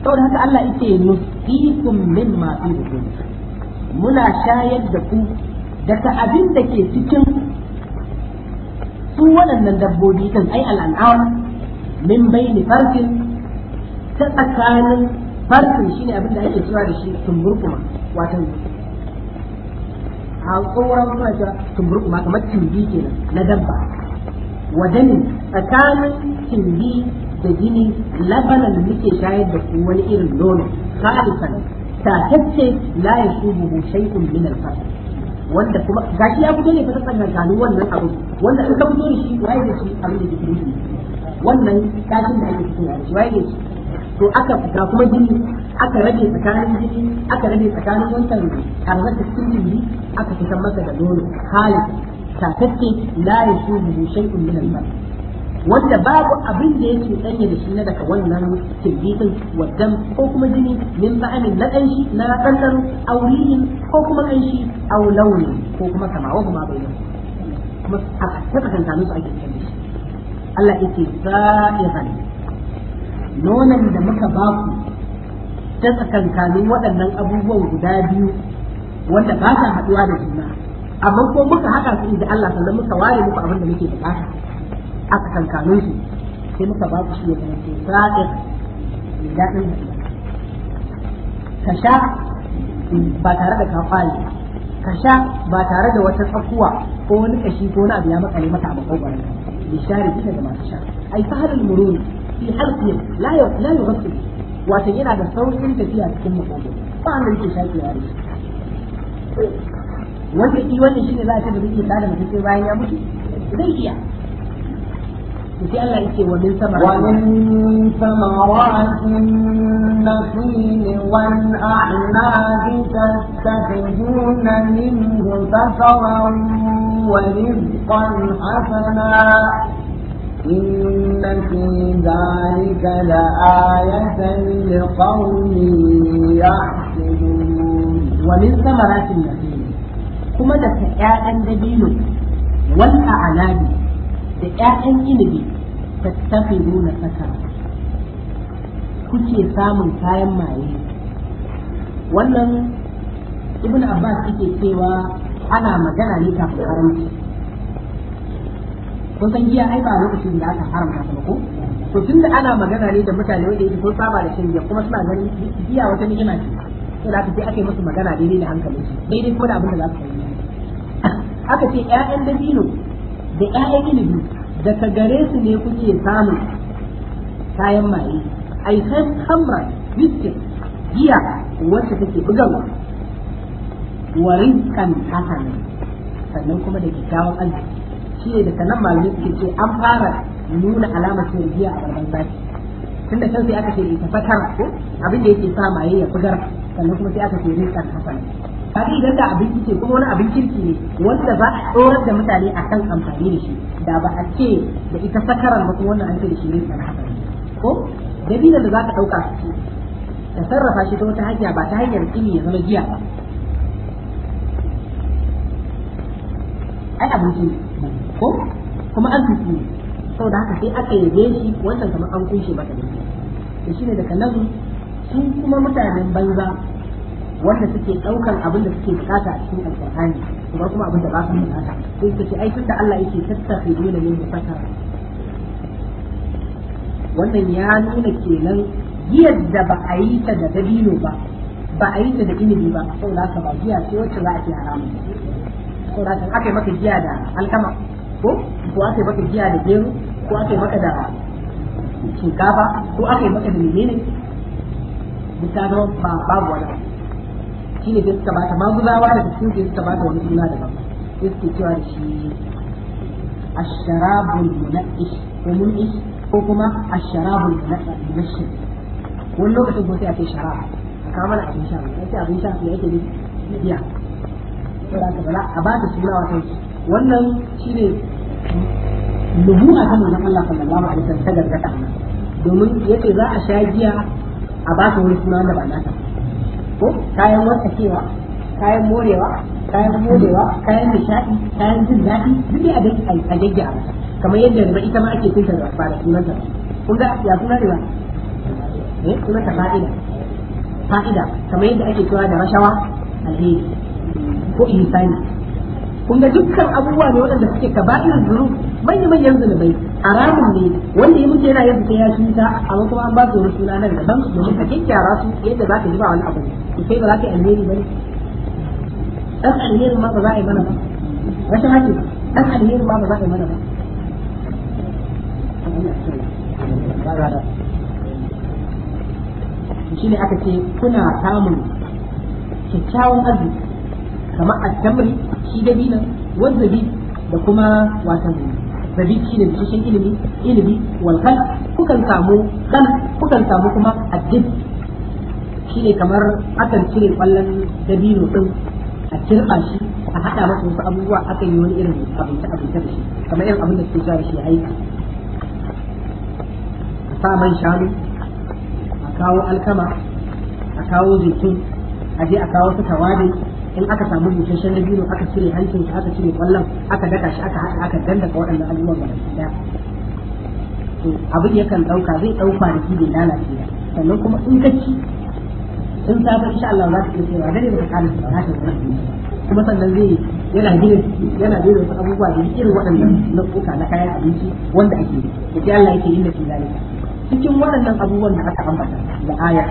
S1: saboda haka Allah yake nusikum mimma fi muna shayar da ku daga abin da ke cikin su waɗannan dabbobi kan ai al'an'awa min bayni farkin ta tsakanin farkin shine abin da ake cewa da shi tumburkuma wato a tsoron suna cewa tumburkuma kamar tumbi kenan na dabba wadanin tsakanin aikin ni da gini labanan muke shayar da ku wani irin nono khalisan tatacce la yashubu shay'un min al-fasl wanda kuma gashi ya fito ne ta tsangan wannan abu wanda in ka fito da shi waye da shi abu da ke cikin wannan kashin da ake cikin shi waye da shi to aka ga kuma jini aka rage tsakanin jini aka rage tsakanin wancan tarzar da cikin jini aka fitar masa da nono halin tatacce la yashubu shay'un min al-fasl wanda babu abin da yake danye da shi na daga wannan tilbidin wadan ko kuma jini min ba'anin na ɗanshi, na ɗanɗan, aurihin ko kuma kan shi au launi ko kuma samawa kuma bai kuma a tsakakan tanu su ake cikin shi Allah ya ce za yake za'iran nonan da muka ba ku ta tsakankanin waɗannan abubuwan guda biyu wanda ba sa haɗuwa da juna amma ko muka haɗa su inda Allah sannan muka ware muku abin da muke bukata Aka tsakankanin su sai muka ba ku shi ya zama ce sa'ir mai daɗin ka sha ba tare da kafali ka sha ba tare da wata tsakuwa ko wani kashi ko wani abu ya makale mata a makogwaron ka bishari bisa da masu sha ai sahalul murun fi harfi la ya la yughassil wato yana da saurin tafiya cikin makogwaro ba an da yake shafi ya rashi wanda shi wannan shine za a ce da yake tada mutum bayan ya mutu zai iya sai Allah yake wa min samara wa min samaratin
S2: nakhil wan a'nabi tastakhijuna minhu sakaran wa rizqan hasana إن في ذلك لآية لقوم
S1: يحسنون ومن ثمرات النخيل كما دفع أن دبيل da ƴaƴan inabi nuna saka kuke samun kayan maye wannan ibn abbas yake cewa ana magana ne kafin haramci kun san giya ai ba lokacin da aka haramta ta ko to tunda ana magana ne da mutane wanda yake sun saba da shan giya kuma suna ganin giya wata ni'ima ce da aka je ake musu magana daidai da hankalin su daidai ko da abin da za su yi aka ce ƴaƴan dabino da ƴaƴan ilimi daga gare su ne kuke samun kayan maye ai hamra biskit giya wacce take bugawa wa kan hasan sannan kuma da kyakkyawan arziki shi ne daga nan malamai suke ce an fara nuna alamar sayar giya a barban zafi tunda can sai aka ce ita fatara ko abin da yake sa maye ya bugar sannan kuma sai aka ce rizqan hasan kaga idan da abinci ce kuma wani abin kirki ne wanda za a tsorar da mutane a kan amfani da shi da ba a ce da ita sakaran ba kuma wannan an ce da shi ne sana'a ba ko dabinan da za ka ɗauka su ka sarrafa shi ta wata hanya ba ta hanyar kimi ya zama giya ba ai abinci ne ko kuma an tuki ne saboda haka sai aka yabe shi wannan kamar an kunshe ba da shi ne daga nan sun kuma mutanen banza wanda suke daukan abin da suke bukata a cikin alqur'ani kuma kuma abin da ba su bukata sai ce ai tunda Allah yake tattafi dole ne mufassara wannan ya nuna kenan yadda ba a yi ta da dabino ba ba a yi ta da ilimi ba a saboda ka ba giya ce wacce za a ce haramu saboda haka aka yi maka giya da alkama ko ko aka yi maka giya da gero ko aka yi maka da shinkafa ko aka yi maka da menene bisa ga babu wani ne sai suka bata maguzawa da cikin sai suka bata wani suna daban sai suke cewa da shi asharabul munaish ko munaish ko kuma asharabul munaish wani lokacin ko sai a ce sharab a kawo mana abin sha mai sai abin sha mai yake ne biya saboda ka bala a bata suna wata wannan shine nubuwa ta manzon Allah sallallahu alaihi wasallam ta gargada domin yake za a sha giya a bata wani suna da ba nata ko kayan cewa, kayan morewa kayan morewa kayan nishaɗi kayan jin daɗi duk dai abin a gaggya kamar yadda riba ita ma ake tunta da fara da sunan ta kun ga ya suna rewa eh kuma ta fa'ida fa'ida kamar yadda ake cewa da rashawa alheri ko ihsani kun ga dukkan abubuwa ne waɗanda suke ka kaba'ir zuru manya manyan zunubai haramun ne wanda ya mutu yana yanzu ta ya shi ta amma kuma an ba su wani suna nan daban domin ka kyakkyara su yadda za ka yi ba wani abu to sai ba za ka yi alheri ba ne dan alheri ma ba za a yi mana ba wata hake dan alheri ma ba za a yi mana ba shi ne aka ce kuna samun kyakkyawan arziki kamar a tamri shi dabina wanzabi da kuma watan zabi shi ne tushen ilimi ilimi wal kukan samu kal kukan samu kuma addin shi ne kamar akan cire kwallon dabino din a kirɓa shi a haɗa masa wasu abubuwa akan yi wani irin abinci abinci da shi kamar irin abin da suke cewa shi aiki a sa man shanu a kawo alkama a kawo zaitun a je a kawo su tawadi in aka samu busasshen dabino aka cire hancin shi aka cire kwallon aka daka shi aka haɗa aka dandaka waɗannan abubuwan ba da to abin yakan ɗauka zai ɗauka da shi bai lalace ba sannan kuma in ka ci in safe insha Allah za ka iya cewa dare ba ka kana ba za ka zama kuma sannan zai yana gina yana gina wasu abubuwa da irin waɗannan na kuka na kayan abinci wanda ake yi da Allah yake yin da shi cikin waɗannan abubuwan da aka ambata da aya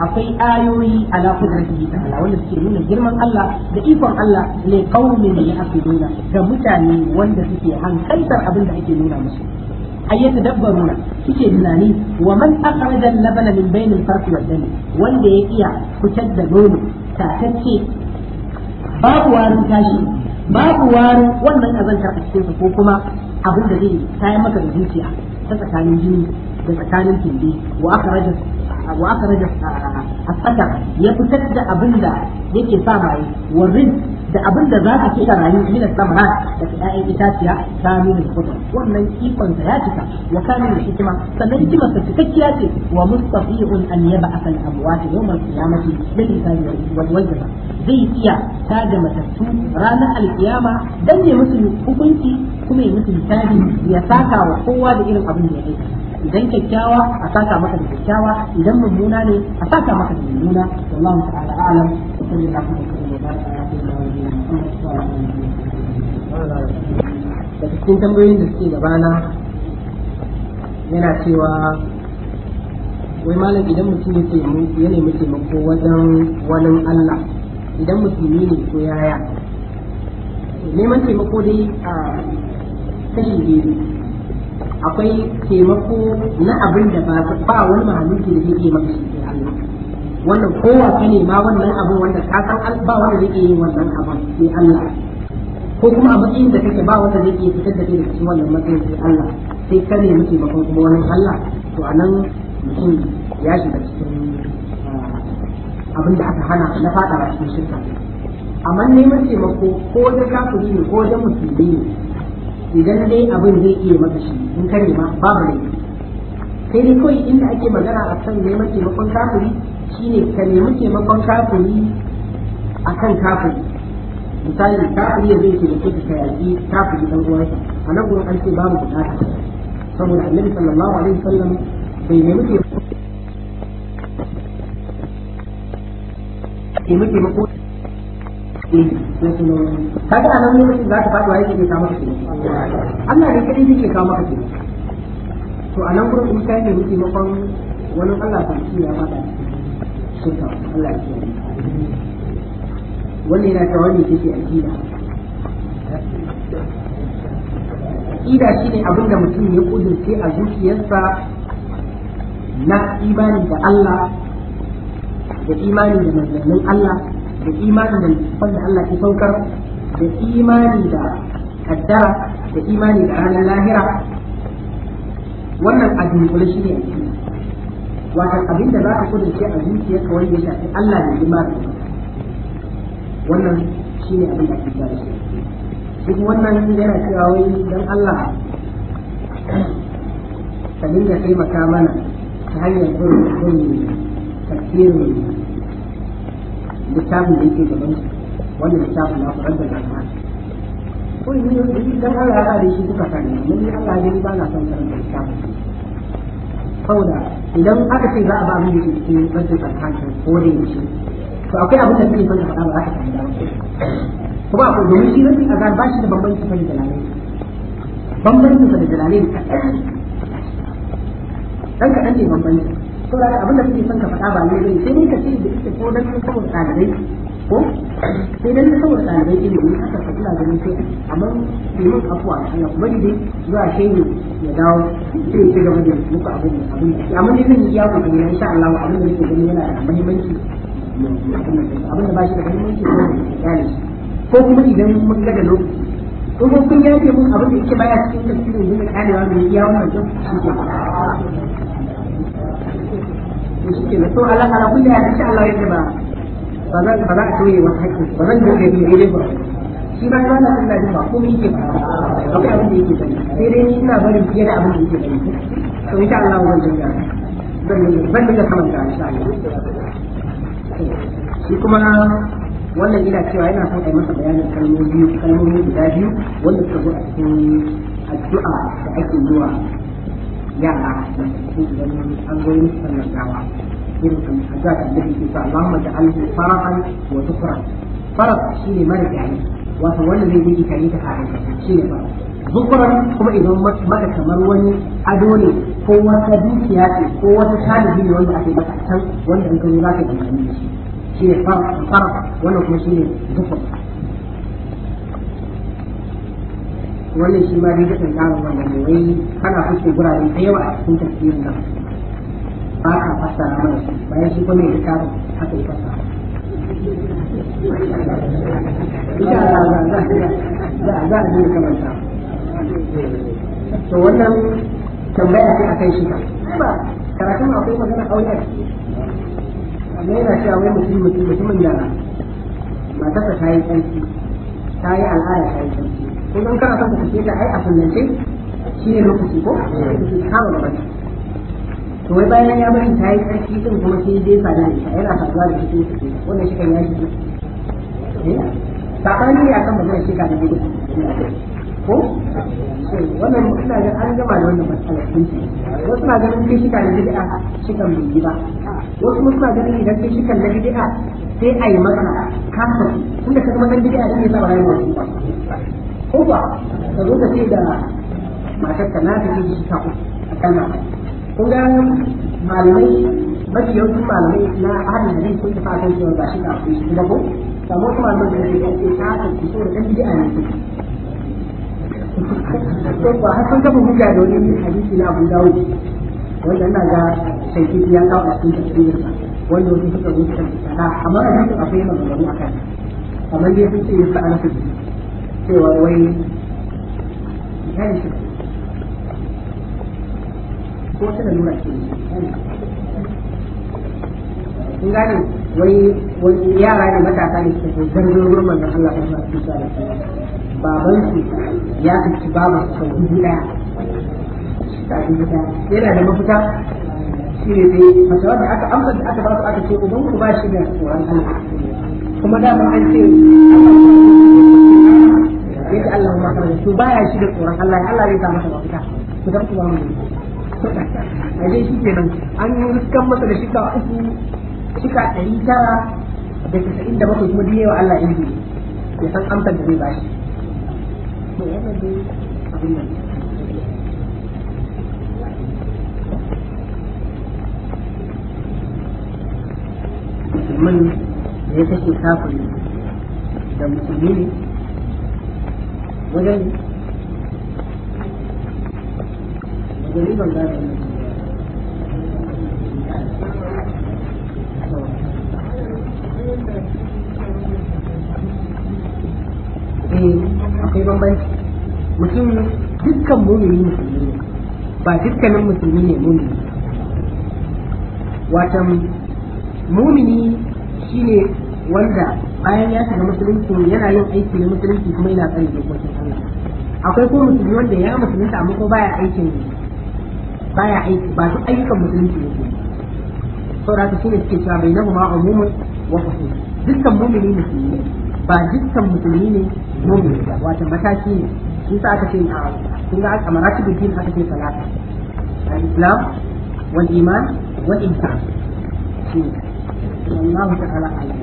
S1: akwai ayoyi ala ta ta'ala wanda suke nuna girman Allah da ikon Allah ne qaumin da nuna ga mutane wanda suke hankaltar abin da ake nuna musu dabbar dabbaruna suke tunani wa man akhraja al-labana min bayni al-farq wal wanda ya iya fitar da nono tatacce babu warin tashi babu warin wannan azantar a cikin ko kuma abin da zai kayan maka da zuciya ta tsakanin jini da tsakanin tumbi wa akhraja wa akhraja as-sakar ya fitar da abinda yake sa mai warin da abinda za ka kira rayu ina as-samarat da ƴaƴan itaciya kamilul qudur wannan ikon sa ya cika wa kamilul hikma sannan hikima cikakkiya ce wa mustafi'un an yab'atha al-amwat yawm al-qiyamati bil hisabi wal wajha zai iya tada matattu ranar al-qiyama dan ne musu hukunci kuma ya musu hisabi ya saka wa kowa da irin abin da ya aikata idan kyakkyawa a saka maka da kyakkyawa idan mummuna ne a saka maka da mummuna wallahu ta'ala a'lam sai alaihi wa sallam da cikin tambayoyin da suke gabana yana cewa wai malam idan mutum yake ya nemi taimako wajen wani Allah idan mutum ne ko yaya neman taimako dai a kashi biyu akwai taimako na abin da ba ba wani mahaluki da zai iya maka shi ne Allah wannan kowa ka ne ma wannan abin wanda ka san ba wanda zai iya wannan abin sai Allah ko kuma a matsayin da kake ba wanda zai iya fitar da kai da cikin wannan matsayin sai Allah sai ka ne muke ba kuma wannan Allah to anan mutum ya shiga cikin ah, abin da aka hana na fada cikin shirka amma neman taimako ko da kafiri ne ko da musulmi ne idan dai abin zai iya maka shi in kare ma babu ne sai dai kawai inda ake magana a kan neman taimakon kafiri shine ka nemi taimakon kafiri a kan kafiri misali kafiri ya zai taimake ka ka yaƙi kafiri ɗan shi a nan gurin an ce babu buƙata saboda annabi sallallahu alaihi wasallam bai nemi taimako taimako kaga a nan lokacin za ka faɗi waye ke kawo maka taimako Allah ne kaɗai ke kawo maka taimako to a nan gurin in ka yi taimako makon wani Allah ta ya faɗa shirka Allah ya wani wanda yana ta wanda yake aƙida aƙida shine abin da mutum ya kudurce a zuciyarsa na imani da Allah da imani da manzannin Allah da imanin da littafan da Allah ke saukar da imani da kaddara da imani da ranar lahira wannan a kula shi ne a wata abin da za ka kudurce a zuciyarka wanda ya shafi Allah da imani wannan shi ne abin da ke tare shi duk wannan yana cewa wai dan Allah ka dinga taimaka mana ta hanyar da da tafsirin littafin da yake gaban su wanda littafin na furan da zama ko yi ne dan Allah ya da shi kuka kan mun yi Allah ya ba na son karanta littafin saboda idan aka ce za a ba mu da shi bazai tsakanin ko da shi to akwai abin da kake fara faɗa ba za ka Ko ba ko domin shi rabi a zan ba shi da bambanci fa da jalalai bambancin sa da jalalai da kaɗan dan kaɗan ne bambancin to da abin da kake son ka faɗa ba ne bane sai dai ka ce da kike ko dan saboda ɗalibai ko sai dan saboda ɗalibai ilimi haka ka kula ganin sai amma limin afuwa Allah kuma dai zuwa ne ya dawo sai ya gaba da muku abin abin amma dai zan yi iya ku ne insha Allah abin da yake ganin yana da muhimmanci abin da ba shi da muhimmanci ne ya ne ko kuma idan mun ga da lokaci ko kun yaje mun abin da yake baya cikin tafsirin da kana wani iya wannan duk to Allah ala kulli hal insha Allah yake ba ba zan ba za a toye wata hakki ba zan doke ni dai ba shi ba kana Allah ne ba ko mi yake ba akwai abin da yake bane sai dai ni ina barin fiye da abin da yake bane to insha Allah zan dinga zan zan dinga kamanta insha Allah shi kuma wannan ina cewa yana son kai masa bayanin kalmomi kalmomi guda biyu wanda suka zo a cikin addu'a da ake zuwa yara da su idan an zo yin sallar gawa irin kan hajjar annabi ke sa Allahumma ja'alhu farahan wa dhukran farah shine marigayi wato wanda zai yi kare ta kare shine farah dhukran kuma idan maka kamar wani ado ne ko wata dukiya ce ko wata talibi ne wanda ake mata can wanda in ka zo za ka ji shi ne farah farah wannan kuma ne dhukran wannan shi ma dai dukkan karin wannan ne wai kana fuske gurare da yawa a cikin tafsirin nan ba ka fassara mana shi bayan shi kuma ya karin haka ya fassara
S3: insha Allah za a za a
S1: je kamar ta to wannan tambaya ce kan shi ka ba karatun akwai magana aure a ciki amma yana cewa wai mutum mutum mutumin da matarsa ta yi tsarki ta yi al'ada ta yi tsarki sai don kana son ka fice ta ai a sunnance shi ne lokaci ko shi kama da mace to wai bayan ya bari ta yi karfi din kuma sai dai sada da yana faruwa da cikin su wannan shi kan ya shi eh? sakani ne akan magana shi ka da gudu ko wannan ina ga an gama da wannan matsalar sun ce wasu na ganin kai shika na bid'a shikan bai yi ba wasu suna ganin idan kai shikan na bid'a sai a yi maka kafin tunda ka zama dan bid'a ne ya sa ba rayuwa ko ba ka zo ka ce da matar ka na tafi da shi ka a kana kun ga malamai mafi yawancin malamai na ahli da zai kun tafi kan cewa ba shi ka akwai shi da ko kamar kuma malamai da zai ce ta ka ki so da kan a ne ko ba har sun kafa hujja da wani hadisi na Abu Dawud wanda ina ga sai ya kawo a cikin tafsirinsa wanda wasu suka zo suka tsada amma a cikin akwai a akan kamar dai sun ce ya sa'ala fi cewa wai misali shi ko ta da nuna ce kun gane wai wani yara ne matasa ne suke so zan zo wurin manzon Allah sallallahu alaihi baban su ya kaci baba sau dubu daya yana da mafita shi ne dai da aka amsa da aka ba aka ce uban ku da tsoron Allah kuma da yake Allah ma fara to baya shi da tsoron Allah ya Allah zai sa masa mafita ku dan ku ba a dai shi kenan an riskan masa da shika uku shika ɗari tara da casa'in da bakwai kuma duniya wa Allah ya yi ya san amsar da zai ba shi
S3: to nan da ya kashe kafin da musulmi ne wajen wajen ban gane
S1: eh akwai bambanci mutum dukkan mumini musulmi ne ba dukkanin musulmi ne mumini watan mumini shine wanda bayan ya shiga musulunci yana yin aiki na musulunci kuma yana da kuma dokokin Allah akwai ko musulmi wanda ya musulunta amma ko baya aikin baya aiki ba su ayyukan musulunci yake saboda haka shine suke cewa bainahu ma umumun wa fasu dukkan mu'mini musulmi ba dukkan musulmi ne mu'mini ba wato mataki ne sun sa aka ce a kun ga aka marati bikin aka ce salata al-islam wani iman wal ihsan shi Allah ta'ala alim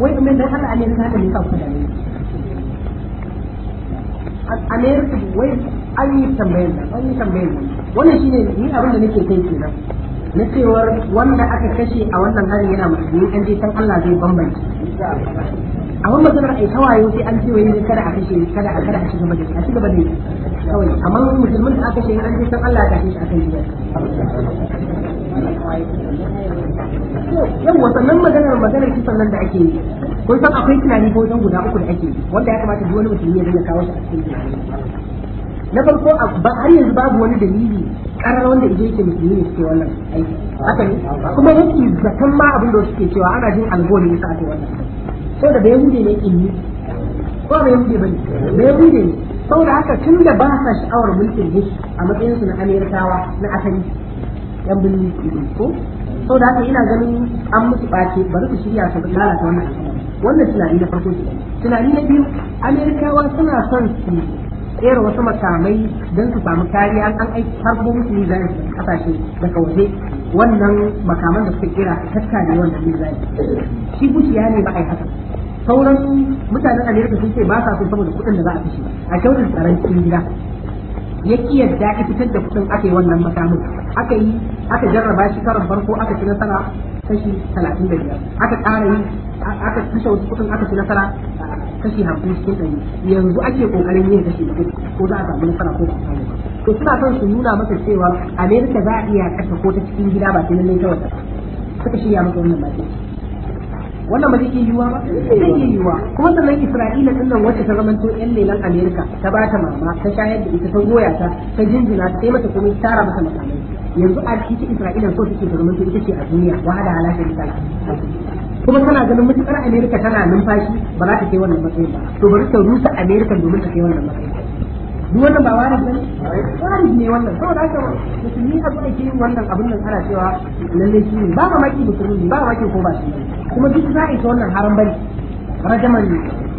S1: wai kuma dan Allah ne ka da ni kan kudade America wai an yi tambayin an yi tambayin wannan shine ni abin da nake kai kenan na cewar wanda aka kashe a wannan harin yana musulmi an je san Allah zai bambance amma maganar ai tawayo sai an ce wai kada a kashe kada a kada a shiga majalisa a shiga ba ne kawai amma musulmin da aka kashe an ce san Allah ya kashe shi akan gida yawwa sannan maganar maganar kisan nan da ake yi kun san akwai tunani ko wajen guda uku da ake yi wanda ya kamata duk wani musulmi ya dinga kawo shi a cikin tunani na farko har yanzu babu wani dalili karar wanda idan yake musulmi ne suke wannan aiki haka ne kuma yake zaton ma abin da suke cewa ana jin algo ne yasa ake wannan so da bai hude ne in yi ko bai hude ba ne bai hude ne saboda haka tun da ba sa sha'awar mulkin ne a matsayin su na amerikawa na asali yan birni ko saboda haka ina ganin an musu ɓace bari su shirya su lalata wannan wannan tunani na farko tunani na biyu amerikawa suna son su tsere wasu makamai don su samu kariya an aiki harbo musu zai kasashe da kauje wannan makaman da suka kira tattare wannan zai shi buci ya ne ba a haka sauran mutanen amerika sun ce ba sa son saboda kuɗin da za a shi a kyautar tsaron cikin gida ya ki yadda ya fitar da kudin aka yi wannan makamin aka yi aka jarraba shi karon farko aka ci nasara kashi talatin da biyar aka ƙara yi aka kashe wasu kuɗin aka ci nasara kashi hamsin cikin ɗari yanzu ake ƙoƙarin yin kashi da ko za a samu nasara ko ba samu ba to suna son su nuna masa cewa amerika za a iya kashe ko ta cikin gida ba sai lallai ta suka shirya masa wannan baki wannan ba zai yiwuwa ba zai iya yiwuwa kuma sannan isra'ila din nan wacce ta zamanto yan lelan amerika ta ba ta mama ta shayar da ita ta goya ta ta jinjina ta mata kuma ta tara mata makamai yanzu a cikin isra'ila so take ta zamanto ita ce a duniya wahala halaka ita kuma tana ganin mutukar amerika tana numfashi ba za ta kai wannan matsayin ba to bari ta rusa amerika domin ta kai wannan matsayin duk wannan ba wari bane wari ne wannan saboda haka musulmi a zuwa ke wannan abin nan ana cewa lalle shi ne ba mamaki musulmi ba mamaki ko ba shi kuma duk za a yi wannan haram bane rajaman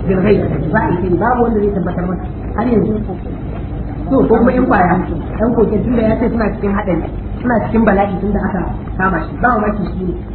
S1: bilghai za a yi babu wanda zai tabbatar masa har yanzu to ko kuma yan kwaya dan kokin tunda ya ce suna cikin hadari suna cikin bala'i tunda aka kama shi ba mamaki shi ne